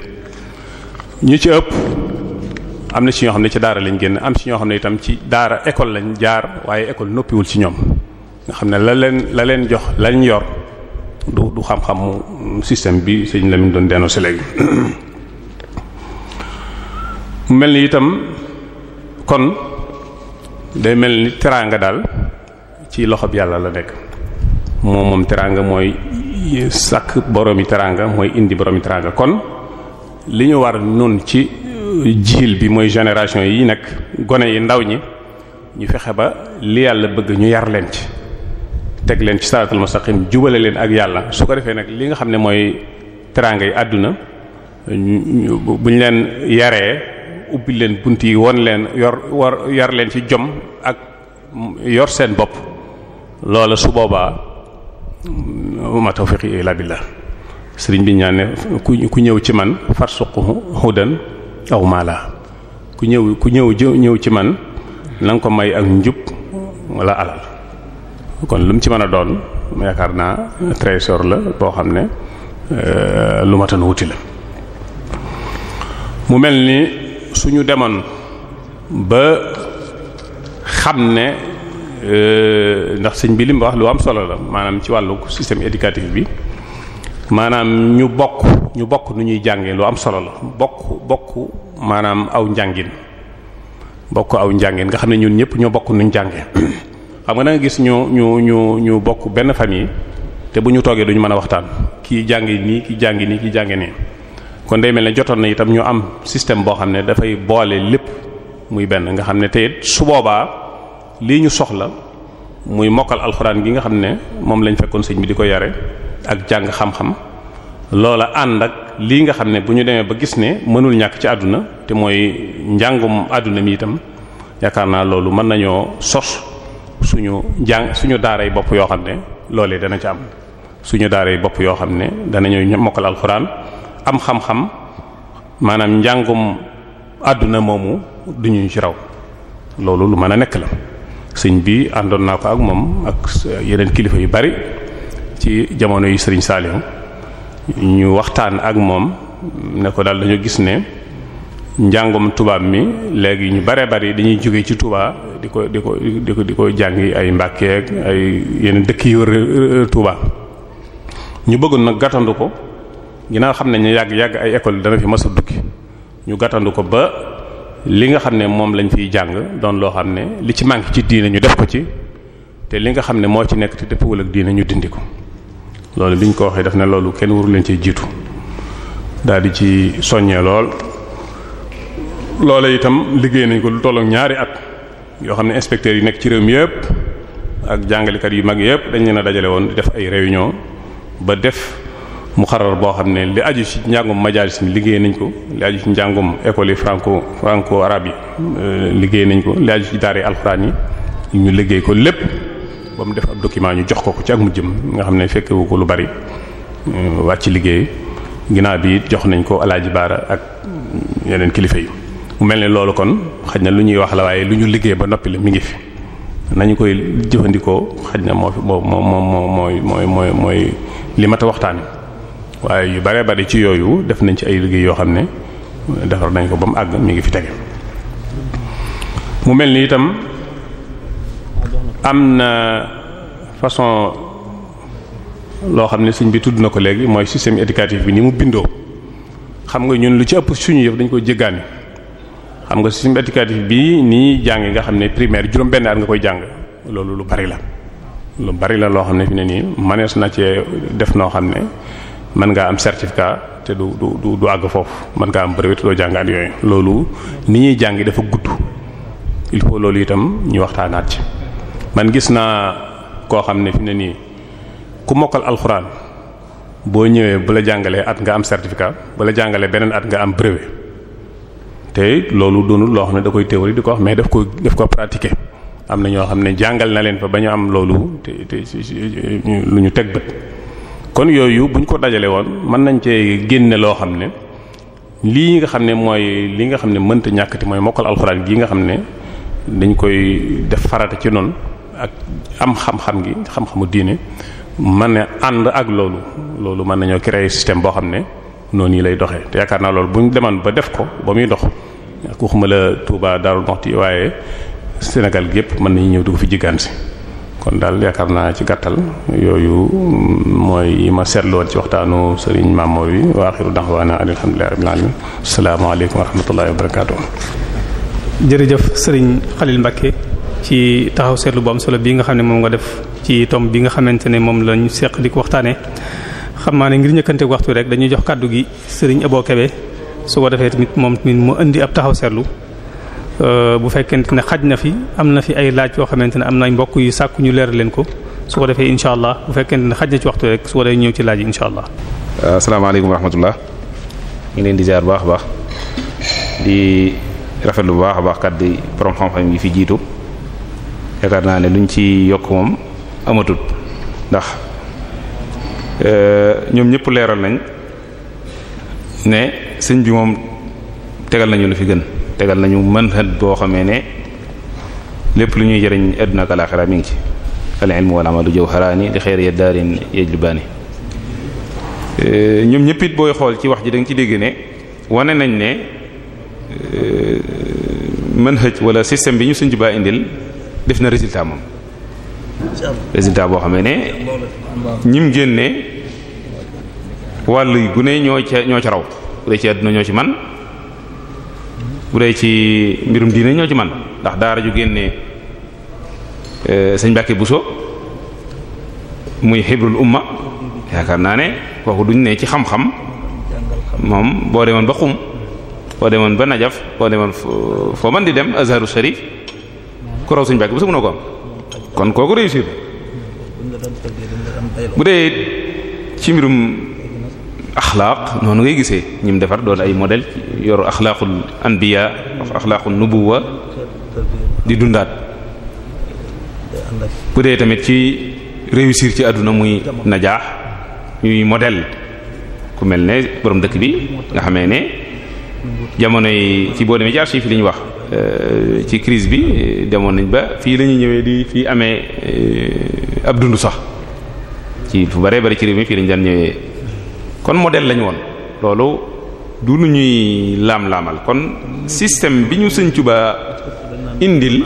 D: ñi ci ëpp am na si ñoo xam ne ci daara lañ génn am si ñoo xam ne itam ci daara école lañ jaar waaye école noppiwul ci ñoom nga xam ne la leen la leen jox lañ yor du du xam-xamu système bi sëñ Lamine doon dénoncé léegi mu mel ni itam kon day mel ni teraanga daal ci loxo bi yàlla la nekk moom moom teraanga mooy sàkk boroomi teraanga mooy indi boroomi teraanga kon li ñu war nun ci euh, jiil bi mooy génération yi nag gone yi ndaw ñi ñu fexe ba li yàlla bëgg ñu yar leen ci teg leen ci saratul mustaqim jubale leen ak yàlla su ko defee nag li nga xam ne mooy teraanga yi àdduna bu ñu leen yaree ubbi leen bunt yi won leen yor yar leen ci jom ak yor seen bopp loola su boobaa ma tawfiqi illa billah sëriñ bi ñaan ne ku ñëw ci man farsuq hudan aw mala ku ñëw ku ñëw ñëw ci man na ko may ak njub walla alal kon lu ci mën a doon yaakaar naa trésor la boo xam ne euh, lu matan wuti la mu mel ni suñu demoon ba xam ne euh, ndax sëñ bi li mu wax lu am solo la maanaam ci wàllu système éducatif bi maanaam ñu bokk ñu bokk nu ñuy jàngee lu am solo la bokk bokk maanaam aw njàngin bokk aw njàngin nga xam ne ñun ñëpp ñoo bokk nuñ jàngee xam nga da nga gis ñu ñu ñu ñu bokk benn famille te bu ñu toogee duñu mën a waxtaan kii jàngi nii kii jàngi nii kii jàngi nii kon day mel ne jotoon na itam ñu am système boo xam ne dafay boole lépp muy benn nga xam ne te su boobaa lii ñu soxla muy mokkal alxuraan gi nga xam ne moom lañ fekkoon sëñ bi di ko yare ak jàng xam-xam loola ànd ak lii nga xam ne bu ñu demee ba gis ne mënul ñàkk ci àdduna te mooy njàngum àdduna mi itam yaakaar naa loolu mën nañoo sos suñu jàng suñu daaray bopp yoo xam ne loolee dana ci am suñu daaray bopp yoo xam ne danañu mokkal alxuraan am xam-xam maanaam njàngum àdduna moomu duñu ci raw loolu lu mën a nekk la sëñ bi àndoon naa ko ak moom ak yeneen kilifa yu bari ci jamono yu Serigne Saliou ñu waxtaan ak moom ne ko daal dañoo gis ne njàngum tubaab mi léegi ñu bare bari dañuy jóge ci Touba di ko di ko di ko di ko jàngi ay Mbàkke ak ay yenn dëkk yu wër Touba ñu bëggoon nag gàttandu ko ginnaaw xam ne ñu yàgg yàgg ay école dana fi mas dukki ñu gàttandu ko ba li nga xam ne moom lañ fiy jàng doon loo xam ne li ci manque ci diine ñu def ko ci te li nga xam ne moo ci nekk te dëppwul ak diine ñu dindi ko loolu bi ñu ko waxee daf ne loolu kenn waru leen ci jiitu daal di ci soññee lool loole itam liggéey nañ ko lu tollook ñaari at yoo xam ne inspecteurs yi nekk ci réew mi yépp ak jàngalekat yu mag yépp dañ leen a dajale woon di def ay réunion ba def mu xarar boo xam ne li aju ci njàngum majalis mi liggéey nañ ko li aju ci njàngum école yi franco franco arabe yi euh, liggéey nañ ko li aju ci daara alxuraan yi ñu liggéey ko lépp ba mu def ab document ñu jox ko ko ci ak mu jëm nga xam ne fekkewu ko lu bari euh, wàcc liggéey ginnaaw bi jox nañ ko alaaji baara ak yeneen kilifa yi mu mel ne loolu kon xaj na lu ñuy wax la waaye lu ñu liggéey ba noppi la mu ngi fi nañu koy jëfandikoo xaj na moo fi moo moo moo mooy mooy mooy mooy li mat a waxtaane waaye yu bare bari ci yooyu def nañ ci ay liggéey yoo xam ne defar nañ ko ba mu àgg mi ngi fi tege mu mel ni itam am na façon loo xam ne sëñ bi tudd na ko léegi mooy système éducatif bi ni mu bindoo xam nga ñun lu ci ëpp suñu yëf dañ ko jéggaani xam nga système éducatif bi ni ñuy jàng nga xam ne primaire juróom-benn at nga koy jàng loolu lu bari la. lu bari la loo xam ne fi ne nii manees na cee def noo xam ne mën nga am certificat te du du du àgg foofu mën ngaa am brevet te doo jàngaat yooyu loolu ni ñuy jàng dafa gudd il faut loolu itam ñu waxtaanaat ci. man gis naa koo xam ne fi ne nii ku mokkal alxuraan boo ñëwee bu la jàngalee at nga am certificat bu la jàngalee beneen at nga am brevet te loolu doonul loo xam ne da koy théorie di ko mais daf ko daf ko pratiquer am na ñoo xam ne jàngal na leen fa ba ñu am loolu te te ñu teg kon yooyu bu ko dajale woon mën nañ cee génne loo xam ne lii nga xam ne mooy li nga xam ne mënta ñàkkati mooy mokkal alxuraan gii nga xam ne dañ koy def farata ci noonu ak am xam-xam gi xam-xamu diine mën ne ànd ak loolu loolu mën nañoo créer système boo xam ne noonu yi lay doxee te yaakaar naa loolu bu ñu demoon ba def ko ba muy dox ku xuma la Touba Darou Moukhty waaye Sénégal gi yëpp mën nañu ñëw dugg fi jiggaan si kon daal yaakaar naa ci gàttal yooyu mooy yi ma seetlu ci waxtaanu sëriñ Mamour yi wa axiru da'wana alhamdulillahi rabbil alamin asalaamaaleykum wa rahmatullahi wa barakatuh
A: jërëjëf sëriñ Khalil ci taxaw seetlu bu am solo bii nga xam ne moom nga def ci tom bi nga xamante ne moom lañ ñu seq di ko waxtaanee xam naa ne ngir ñëkkante waxtu rek dañuy jox kàddu gi sëriñ Abo Kebe su ko defee tamit moom tamit mu indi ab taxaw seetlu euh, bu fekkente ne xaj na fi am na fi ay laaj yoo xamante ne am na mbokk yu sàkku ñu leer leen ko su defee incha allah bu fekkente ne xaj na ci waxtu rek su ko defee ñëw ci laaj yi incha allah.
C: asalaamaaleykum wa rahmatullah ñu leen di ziar baax a baax di rafet lu baax a baax kàdd yi borom xam-xam yi fi jiitu. yaakaar naa ne luñ ci yokk moom amatut ndax euh, ñoom ñëpp leeral nañ ne sëñ bi moom tegal nañu lu fi gën tegal nañu manhaj boo xamee ne lépp lu ñuy jëriñ àdduna ak alaaxira mi ngi ci al ilmu wal amalu jawharani li xayri daarin yajlubani euh, ñoom ñëpp booy xool
A: ci wax ji da ci dégg ne wane nañ ne mën euh,
C: manhaj wala système bi ñu sëñ baa indil def na résultat moom résultat boo xamee ne ñim génne wàll gu ne ñoo ca ñoo ca raw bu dee ci àdduna ñoo ci man bu dee ci mbirum diine ñoo ci man ndax daara ju génnee eh, sëñ Mbàkke Buso muy xibrul umma yaakaar naa ne kooku duñ ne ci xam-xam moom boo demoon ba xum boo demoon ba najaf boo demoon foo man di dem azharu sharif ku raw suñu bàkk bu sa mënoo ko kon kooku réussir bu dee ci mbirum axlaaq noonu ngay gisee ñim defar doon ay modèle yoru axlaaqul anbiya axlaaqul nubuwa
A: di dundaat bu dee tamit ci
C: réussir ci àdduna muy najaax ñuy modèle ku mel ne borom dëkk bi nga xamee ne jamono yi ci boo demee jaar si fi li ñu wax Euh, ci crise bi euh, demoon nañ ba fii lañuy ñëwee di fii amee euh, ab dund sax ci fu bare bëri ci réew mi fii lañu daan ñëwee kon model lañu woon loolu du lu ñuy laam-laamal kon système bi ñu Sëriñ ba indil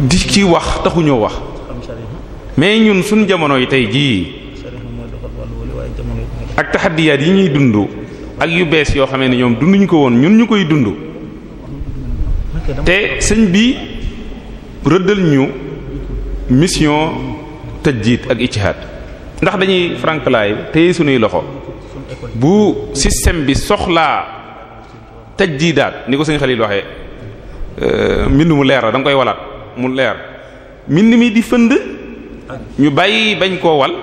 C: di ci wax taxuñoo wax mais ñun suñ jamono yi tey jii ak taxadiyaat yi ñuy dund ak yu bees yoo xamee ne ñoom dunduñu ko woon ñun ñu koy dund
A: te sëñ bi
C: rëddal ñu mission tajdiid ak ijtihaad ndax dañuy franklaay tey suñuy loxo bu système bi soxlaa tajdiidaat ni ko sëñ Xalil waxee euh, mbind mu leer la da koy walaat mu leer mbind mi di fënd ñu bàyyi bañ koo wal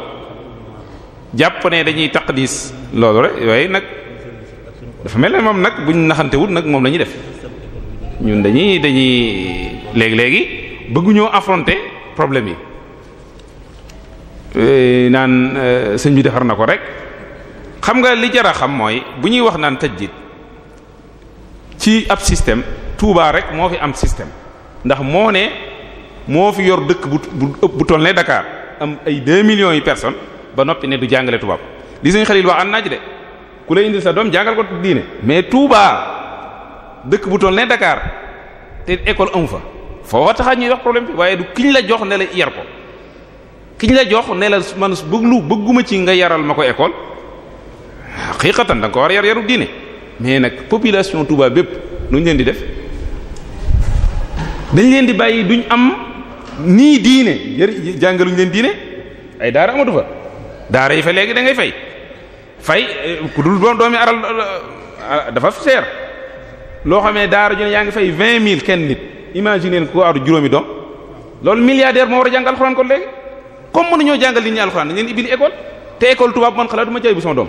C: jàpp ne dañuy taqdis loolu rek waaye nag dafa mel ne moom nag buñ naxantewul nag moom lañuy def ñun dañuy dañuy léegi léegi bëgguñoo affronter problème yi eh, naan eh, sëñ bi defar na ko rek xam nga li jar a xam mooy bu ñuy wax naan taj tajjid ci ab système Touba rek moo fi am système ndax moo ne moo fi yor dëkk bu bu ëpp bu toll ne Dakar am ay 2 million yu personnes ba noppi ne du jàngale tubaab li sëñ Xalil wax an naaj de ku lay indil sa doom jàngal ko diine mais Touba. dëkk bu toll ne dakaar te école amu fa foo tax ñuy wax problème bi waaye du kiñ la jox ne la yar ko kiñ la jox ne la man bëglu bëgguma ci nga yaral ma ko école xaqiiqatan da nga ko war yaru diine mais nag population Touba bépp nuñ leen di def dañ leen di bàyyi duñ am nii diine yar jàngaluñ leen diine ay daara amatu fa daara yi fa léegi da ngay fay fay eh, ku dul doomi aral eh, dafa seer loo xamee daara ju ne yaa ngi fay vingt mille kenn nit imagine ko aru juróomi doom loolu milliardaire moo war a jàng alxuraan kon léegi comme mënuñoo jàngal nit ñi alxuraan dañ leen ibbi école te école tubaab man xalaatuma jaay bu sama doom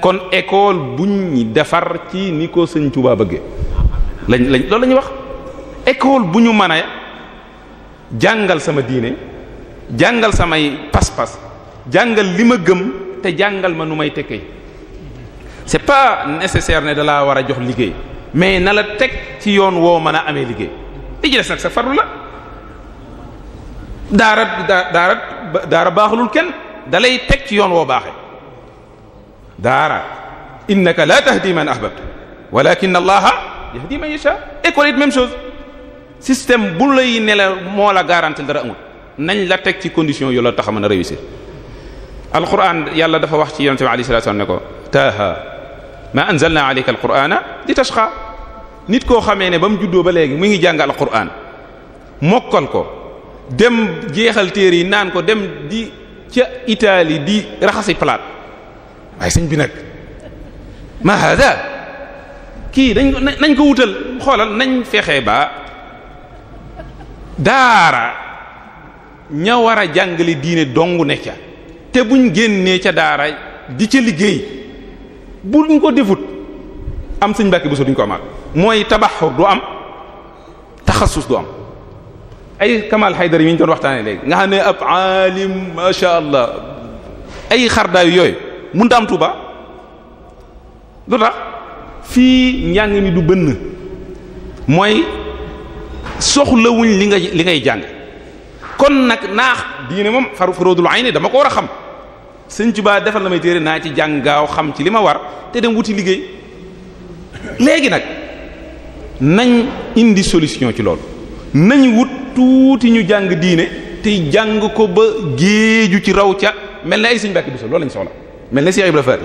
C: kon école buñ ñu defar ci ni ko sëñ Tuubaa bëggee lañ lañ loolu lañuy wax école bu ñu mën a jàngal sama diine jàngal samay pas-pas jàngal li ma gëm te jàngal ma nu may tekkee c'est pas nécessaire ne da laa war a jox liggéey. mais na la teg ci yoon woo mën a amee liggéey li ci des nag sa farlu la daara daara daara baaxalul kenn dalay teg ci yoon woo baaxe daara innaka la tahdi man ahbabta walakin allaha yahdi man yasha école it même chose système bu lay ne la moo la garanti dara amul nañ la teg ci condition yoo la tax a mën a réussir yàlla dafa wax ci yonent bi alayhi salatu ne ko taaha ma anzalna alayka alqur'ana li tashqa nit koo xamee ne ba mu juddoo ba léegi mu ngi jàng alqur'an mokkal ko dem jeexal téer yi naan ko dem di ca Italie di raxasi palaat waaye sëñ bi nag ma hada kii dañ ko nañ ko wutal xoolal nañ fexe ba daara ña war a jàngale diine dong ne ca te buñ génnee ca daara di ca liggéey buñ ko defut am sëñ Mbàkke Bousso duñ ko amaat mooy tabaxur du am taxasus du am ay Kamal Haydar yi ñu doon waxtaanee léegi nga xam ne ab aalim macha allah ay xardaayu yooyu mënut am Tuuba lu tax fii njàng mi du bënn mooy soxlawuñ li nga li ngay jàng kon nag naax diine moom faru farudul ayni dama ko war a xam. sëñ Tuba defal na may téere naa ci jàng gaaw xam ci li ma war te dem wuti liggéey léegi nag nañ indi solution ci loolu nañ wut tuuti ñu jàng diine te jàng ko ba géeju ci raw ca mel na ay sëñ Mbàkke Busso loolu lañ soxla mel na Cheikh Ibra Fall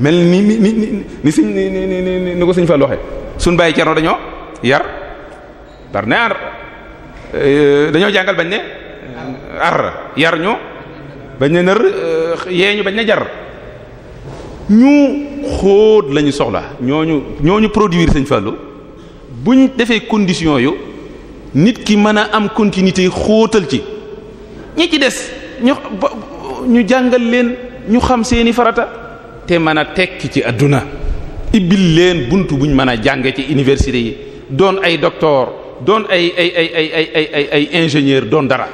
C: mel ni ni ni ni ni sëñ ni ni ni ni ko sëñ Fall waxee suñ bàyyi cerno dañoo yar par ne ar eh, dañoo jàngal bañ ne ar yar ñu bañ ne nër euh, yee ñu bañ na jar ñu xóot lañu soxla ñooñu ñooñu produire sëñ Fallou buñ defee condition yu nit ki mën a am continuité xóotal ci ñi ci des ñu jàngal leen ñu xam seeni farata te mën a tekki ci àdduna ibbil leen bunt buñ mën a jànge ci université yi doon ay docteur doon ay ay ay ay ay ay ay ingénieur doon dara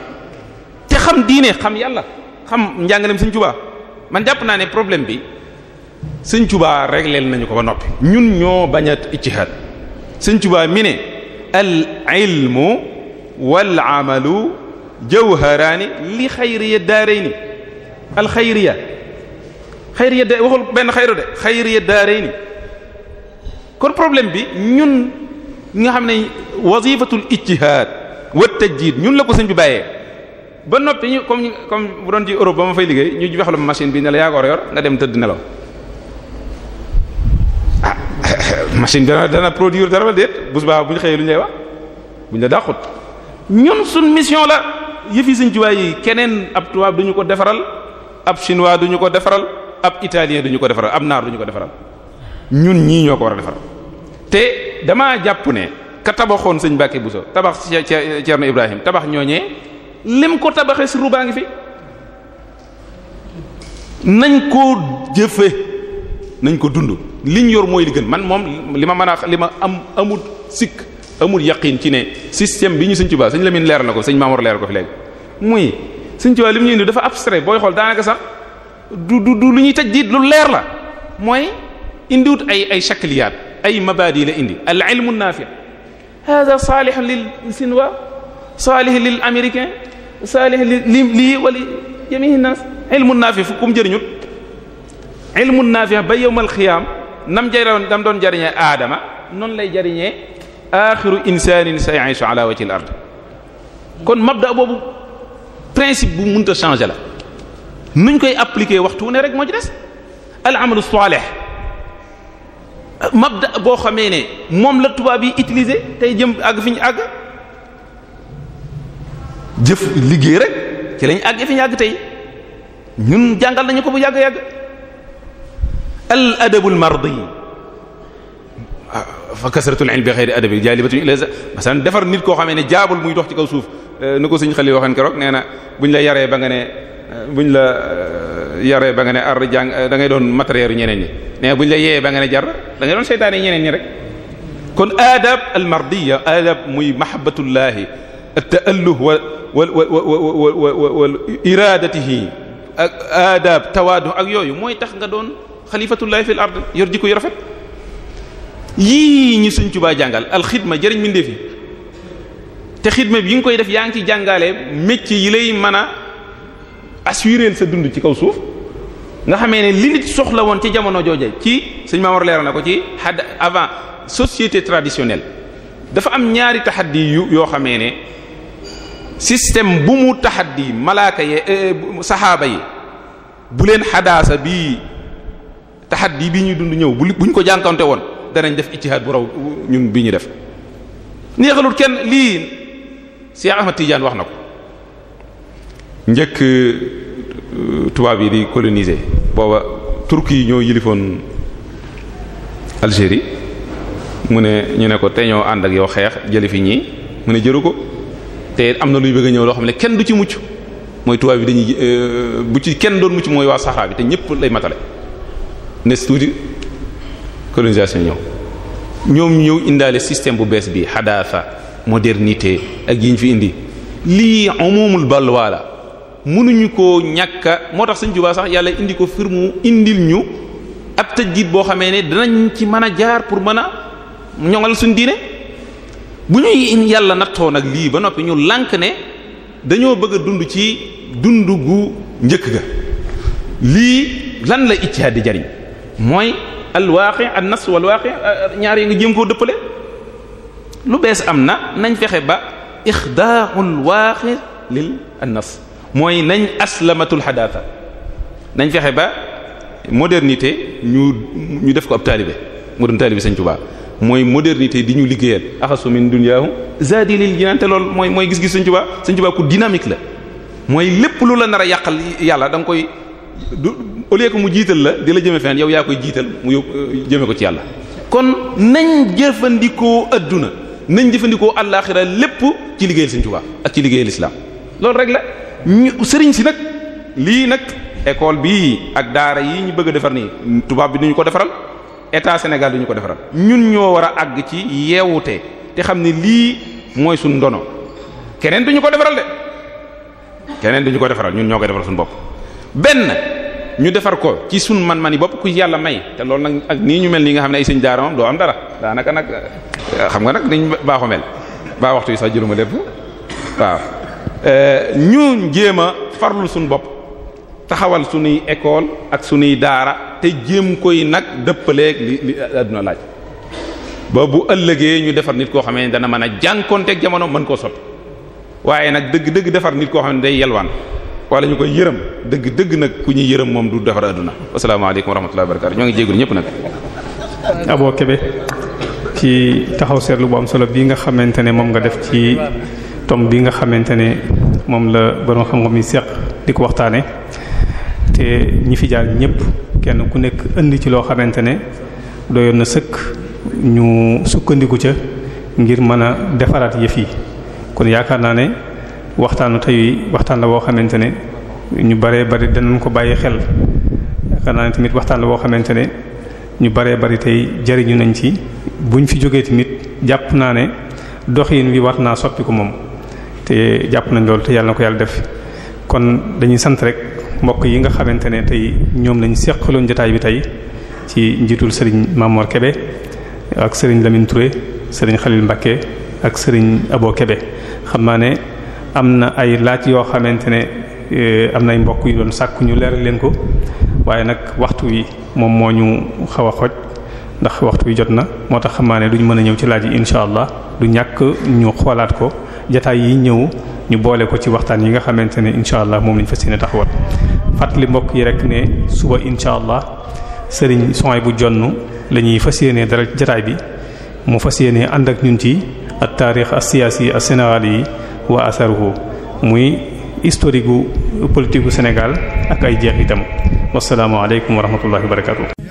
C: te xam diine xam yàlla xam njàngalem sëñ Tuubaa man jàpp naa ne problème bi sëñ Tuubaa réglé nañu ko ba noppi ñun ñoo bañ a ijtihaad mine Tuubaa mi ne al ilmu wal amalu jawharaani li xayriya daarayni al xayriya xayriya benn xayru de xayriya daarayni kon problème bi ñun nga xam ne wasifatul ijtihaad wa ñun la ko sëñ bi ba noppi ñu comme comme bu doon ci Europe ba ma fay liggéey ñu jox la machine bi ne la yaa ko war a yor nga dem tëdd nelaw ah machine dana dana produire dara la déet bu subaa bu ñu xëyee lu ñu lay wax bu ñu la dàqut ñun suñ mission la yëfi suñ jiwaay yi keneen ab tubaab duñu ko defaral ab chinois duñu ko defaral ab italien duñu ko defaral ab naar duñu ko defaral ñun ñii ñoo ko war a defaral te damaa jàpp ne ka tabaxoon sëñ Mbacke Bousso tabax Thierno Ibrahim tabax ñooñee. lim ko tabaxee si rubaa ngi fi nañ ko jëfe nañ ko dund liñ yor mooy li man moom li ma mën a li ma am amul sikk amul yaqin ci ne système bi ñu sëñ Tuubaa la min leeral la ko sëñ Maamoor leer ko fi léegi muy sëñ Tuubaa li lim ñu indi dafa abstrait booy xool daanaka sax du du du lu ñuy taj diit lu leer la mooy indiwut ay ay shakliyaat ay mabaadi la indi al ilmu naafi hada saalih lil sinwa saalih lil américain saalih li lii wala jamihi nas ilmun naafi fu kum jëriñut ilmun naafi ba yowmal xiyaam nam jëroon dam doon jëriñee aadama noonu lay jëriñee axiru insanin sayaisu ala wajhil ard kon mabda boobu principe bu mënta changer la nuñ koy appliquer waxtu ne rek moo ci des al amalu mabda boo xamee ne moom la tubaab yi utiliser tey jëm àgg fi ñu àgg jëf liggéey rek ci lañ àgg fi ñu tey ñun jàngal nañu ko bu yàgg yàgg al adabul mardi ah, fa kasratul ilmi bi xeyri adabi jaalibatun ila masalan defar nit koo xamee ne jaabol muy dox ci kaw suuf eh, ni ko suñ xali waxeen keroog nee na buñ la yaree ba nga ne eh, buñ la eh, yare ba nga ne ar jàng da ngay doon matériel ñeneen ñi mais buñ la yee ba nga ne jar da ngay doon seytaane ñeneen ñi rek kon adab al mardiya adab muy mahabbatullahi at-ta'alluh wa wa wa iraadatihi ak aadaab tawaadu ak yooyu mooy tax nga doon xalifatullahi fil ard yor jikko yu rafet yii ñi suñ Tuubaa jàngal alxidma jëriñ mbindeef yi te xidma bi yi nga koy def yaa ngi ci jàngalee métier yi lay mën a assurer sa dund ci kaw suuf nga xamee ne li nit soxla woon ci jamono jooje ci sëñ Maamor leeral na ko ci had avant société traditionnelle dafa am ñaari taxaddi yu yoo xamee ne système bu mu taxaddi malaaka ye eh, saxaaba yi bu leen xadaasa bi taxaddi bii ñuy dund ñëw bu buñ ko jànkante woon danañ def ijtihaad bu raw ñun bi ñu def neexalut kenn lii Cheikh Ahmad Tidiane wax na ko njëkk euh, tubaab yi di coloniser booba turki yi ñoo yilifoon Algérie mu ne ñu ne ko te ñoo ànd ak yow xeex jëli fi ñii mu ne jëru ko te am na luy bëgg ñëw loo xam ne kenn du ci mucc mooy tubaab bi dañuy euh, bu ci kenn doon mucc mooy waa saxaar bi te ñëpp lay matale nes tuuti colonisation ñëw ñoom ñëw indaale système bu bees bi xadaasa modernité ak yiñ fi indi lii umumul balwaa la mënuñu koo ñàkka moo tax Sëriñ Tuubaa sax yàlla indi ko fir mu indil ñu ab tëj jiit boo xamee ne danañ ci mën a jaar pour mën a ñoŋal suñ diine bu ñuy yàlla nattoo nag lii ba noppi ñu lànk ne dañoo bëgg a dund ci dund gu njëkk ga lii lan la ijtihaad di jariñ mooy al waaqi an nas wal waaqi ñaar yi nga jéem koo dëppale lu bees am na nañ fexe ba ixdaaul waaqi lil an mooy nañ aslamatul xadaata nañ fexe ba modernité ñu ñu def ko ab taalibe mu doon taalibe Sëriñ mooy modernité di ñu liggéeyal axasu min dunyaahum zaadi lil jinaan te loolu mooy mooy gis-gis Sëriñ Tuubaa Sëriñ Tuubaa ku dynamique la mooy lépp lu la nar a yàqal yàlla danga koy du au lieu mu jiital la di la jëme feneen yow yaa koy jiital mu yób jëme ko ci yàlla kon nañ jëfandikoo adduna nañ jëfandikoo àllaaxira lépp ci liggéeyal Sëriñ Tuubaa ak ci liggéeyal islam loolu rek la sëriñ si nag lii nag école bii ak daara yi ñu bëgg a defar nii tubaab bi ni ko defaral état senegal du ñu ko defaral ñun ñoo war a àgg ci yeewute te xam ni lii mooy suñ ndono keneen du ñu ko defaral de keneen du ñu ko defaral ñun ñoo ko defaral suñu bopp benn ñu defar ko ci sun man man yi bopp ku yàlla may te loolu nag ak nii ñu mel nii nga xam ne ay sëñ daara doo am dara daanaka nag eh, xam nga nag dañ baaxoo mel baa waxtu yi sax jëluma lépp waaw eh, ñu jéem a farlu suñu bopp taxawal sunuy école ak sunuy daara te jéem koy nag dëppaleeg li li adduna laaj ba bu ëllëgee ñu defar nit koo xamee ne dana mën a jànkonteeg jamono mën koo soppi waaye nag dëgg dëgg defar nit koo xam ne day yelwaan wala ñu koy yërëm dëgg dëgg nag ku ñuy yërëm moom du defar adduna asalaamaaleykum wa rahmatullahi wa ñoo ngi jéegul ñëpp nag
A: Abo Kébé ci taxaw seetlu bu am solo bi nga xamante ne moom nga def ci tom bi nga xamante ne moom la borom xam-xam yi di ko waxtaane te ñi fi jaar ñëpp kenn ku nekk indi ci loo xamante ne doyoon na sëkk ñu sukkandiku ca ngir mën a defaraat yi fi kon yaakaar naa ne waxtaanu tey waxtaan la woo xamante ne ñu baree bari danañ ko bàyyi xel yaakaar naa waxtaan la woo xamante ne ñu baree bari tey jariñu nañ ci buñ fi jógee tamit jàpp naa ne doxin wi war naa soppiku moom te jàpp nañ loolu te yàlla ko yàlla def kon dañuy sant rek mbokk yi nga xamante ne tey ñoom lañ seqaloon jotaay bi tey ci njiitul Serigne Mamor kebe ak sëriñ Lamine Touré Serigne Khalil ak Serigne Abo kebe xam naa ne am na ay laaj yoo xamante ne eh, am na ay mbokk yu doon sàkku ñu leeral leen ko waaye nag waxtu wi moom moo ñu xaw a xoj ndax waxtu wi jot na moo tax xam naa ne duñ mën a ñëw ci laaj yi incha allah du ñàkk ñu xoolaat ko jotaay yi ñëw. ñu boole ko ci waxtaan yi nga xamante ne incha allah moom lañ fas yéene taxawal fàttali mbokk yi rek ne suba incha allah sëriñ sony bu jonn la ñuy fas yéene dara jataay bi mu fas yéene ànd ak ñun ci at taarix as siyaasi yi wa asaruhu muy historique gu politique gu Sénégal ak ay jeex itam wasalaamualeykum wa rahmatullahi wa barakatuh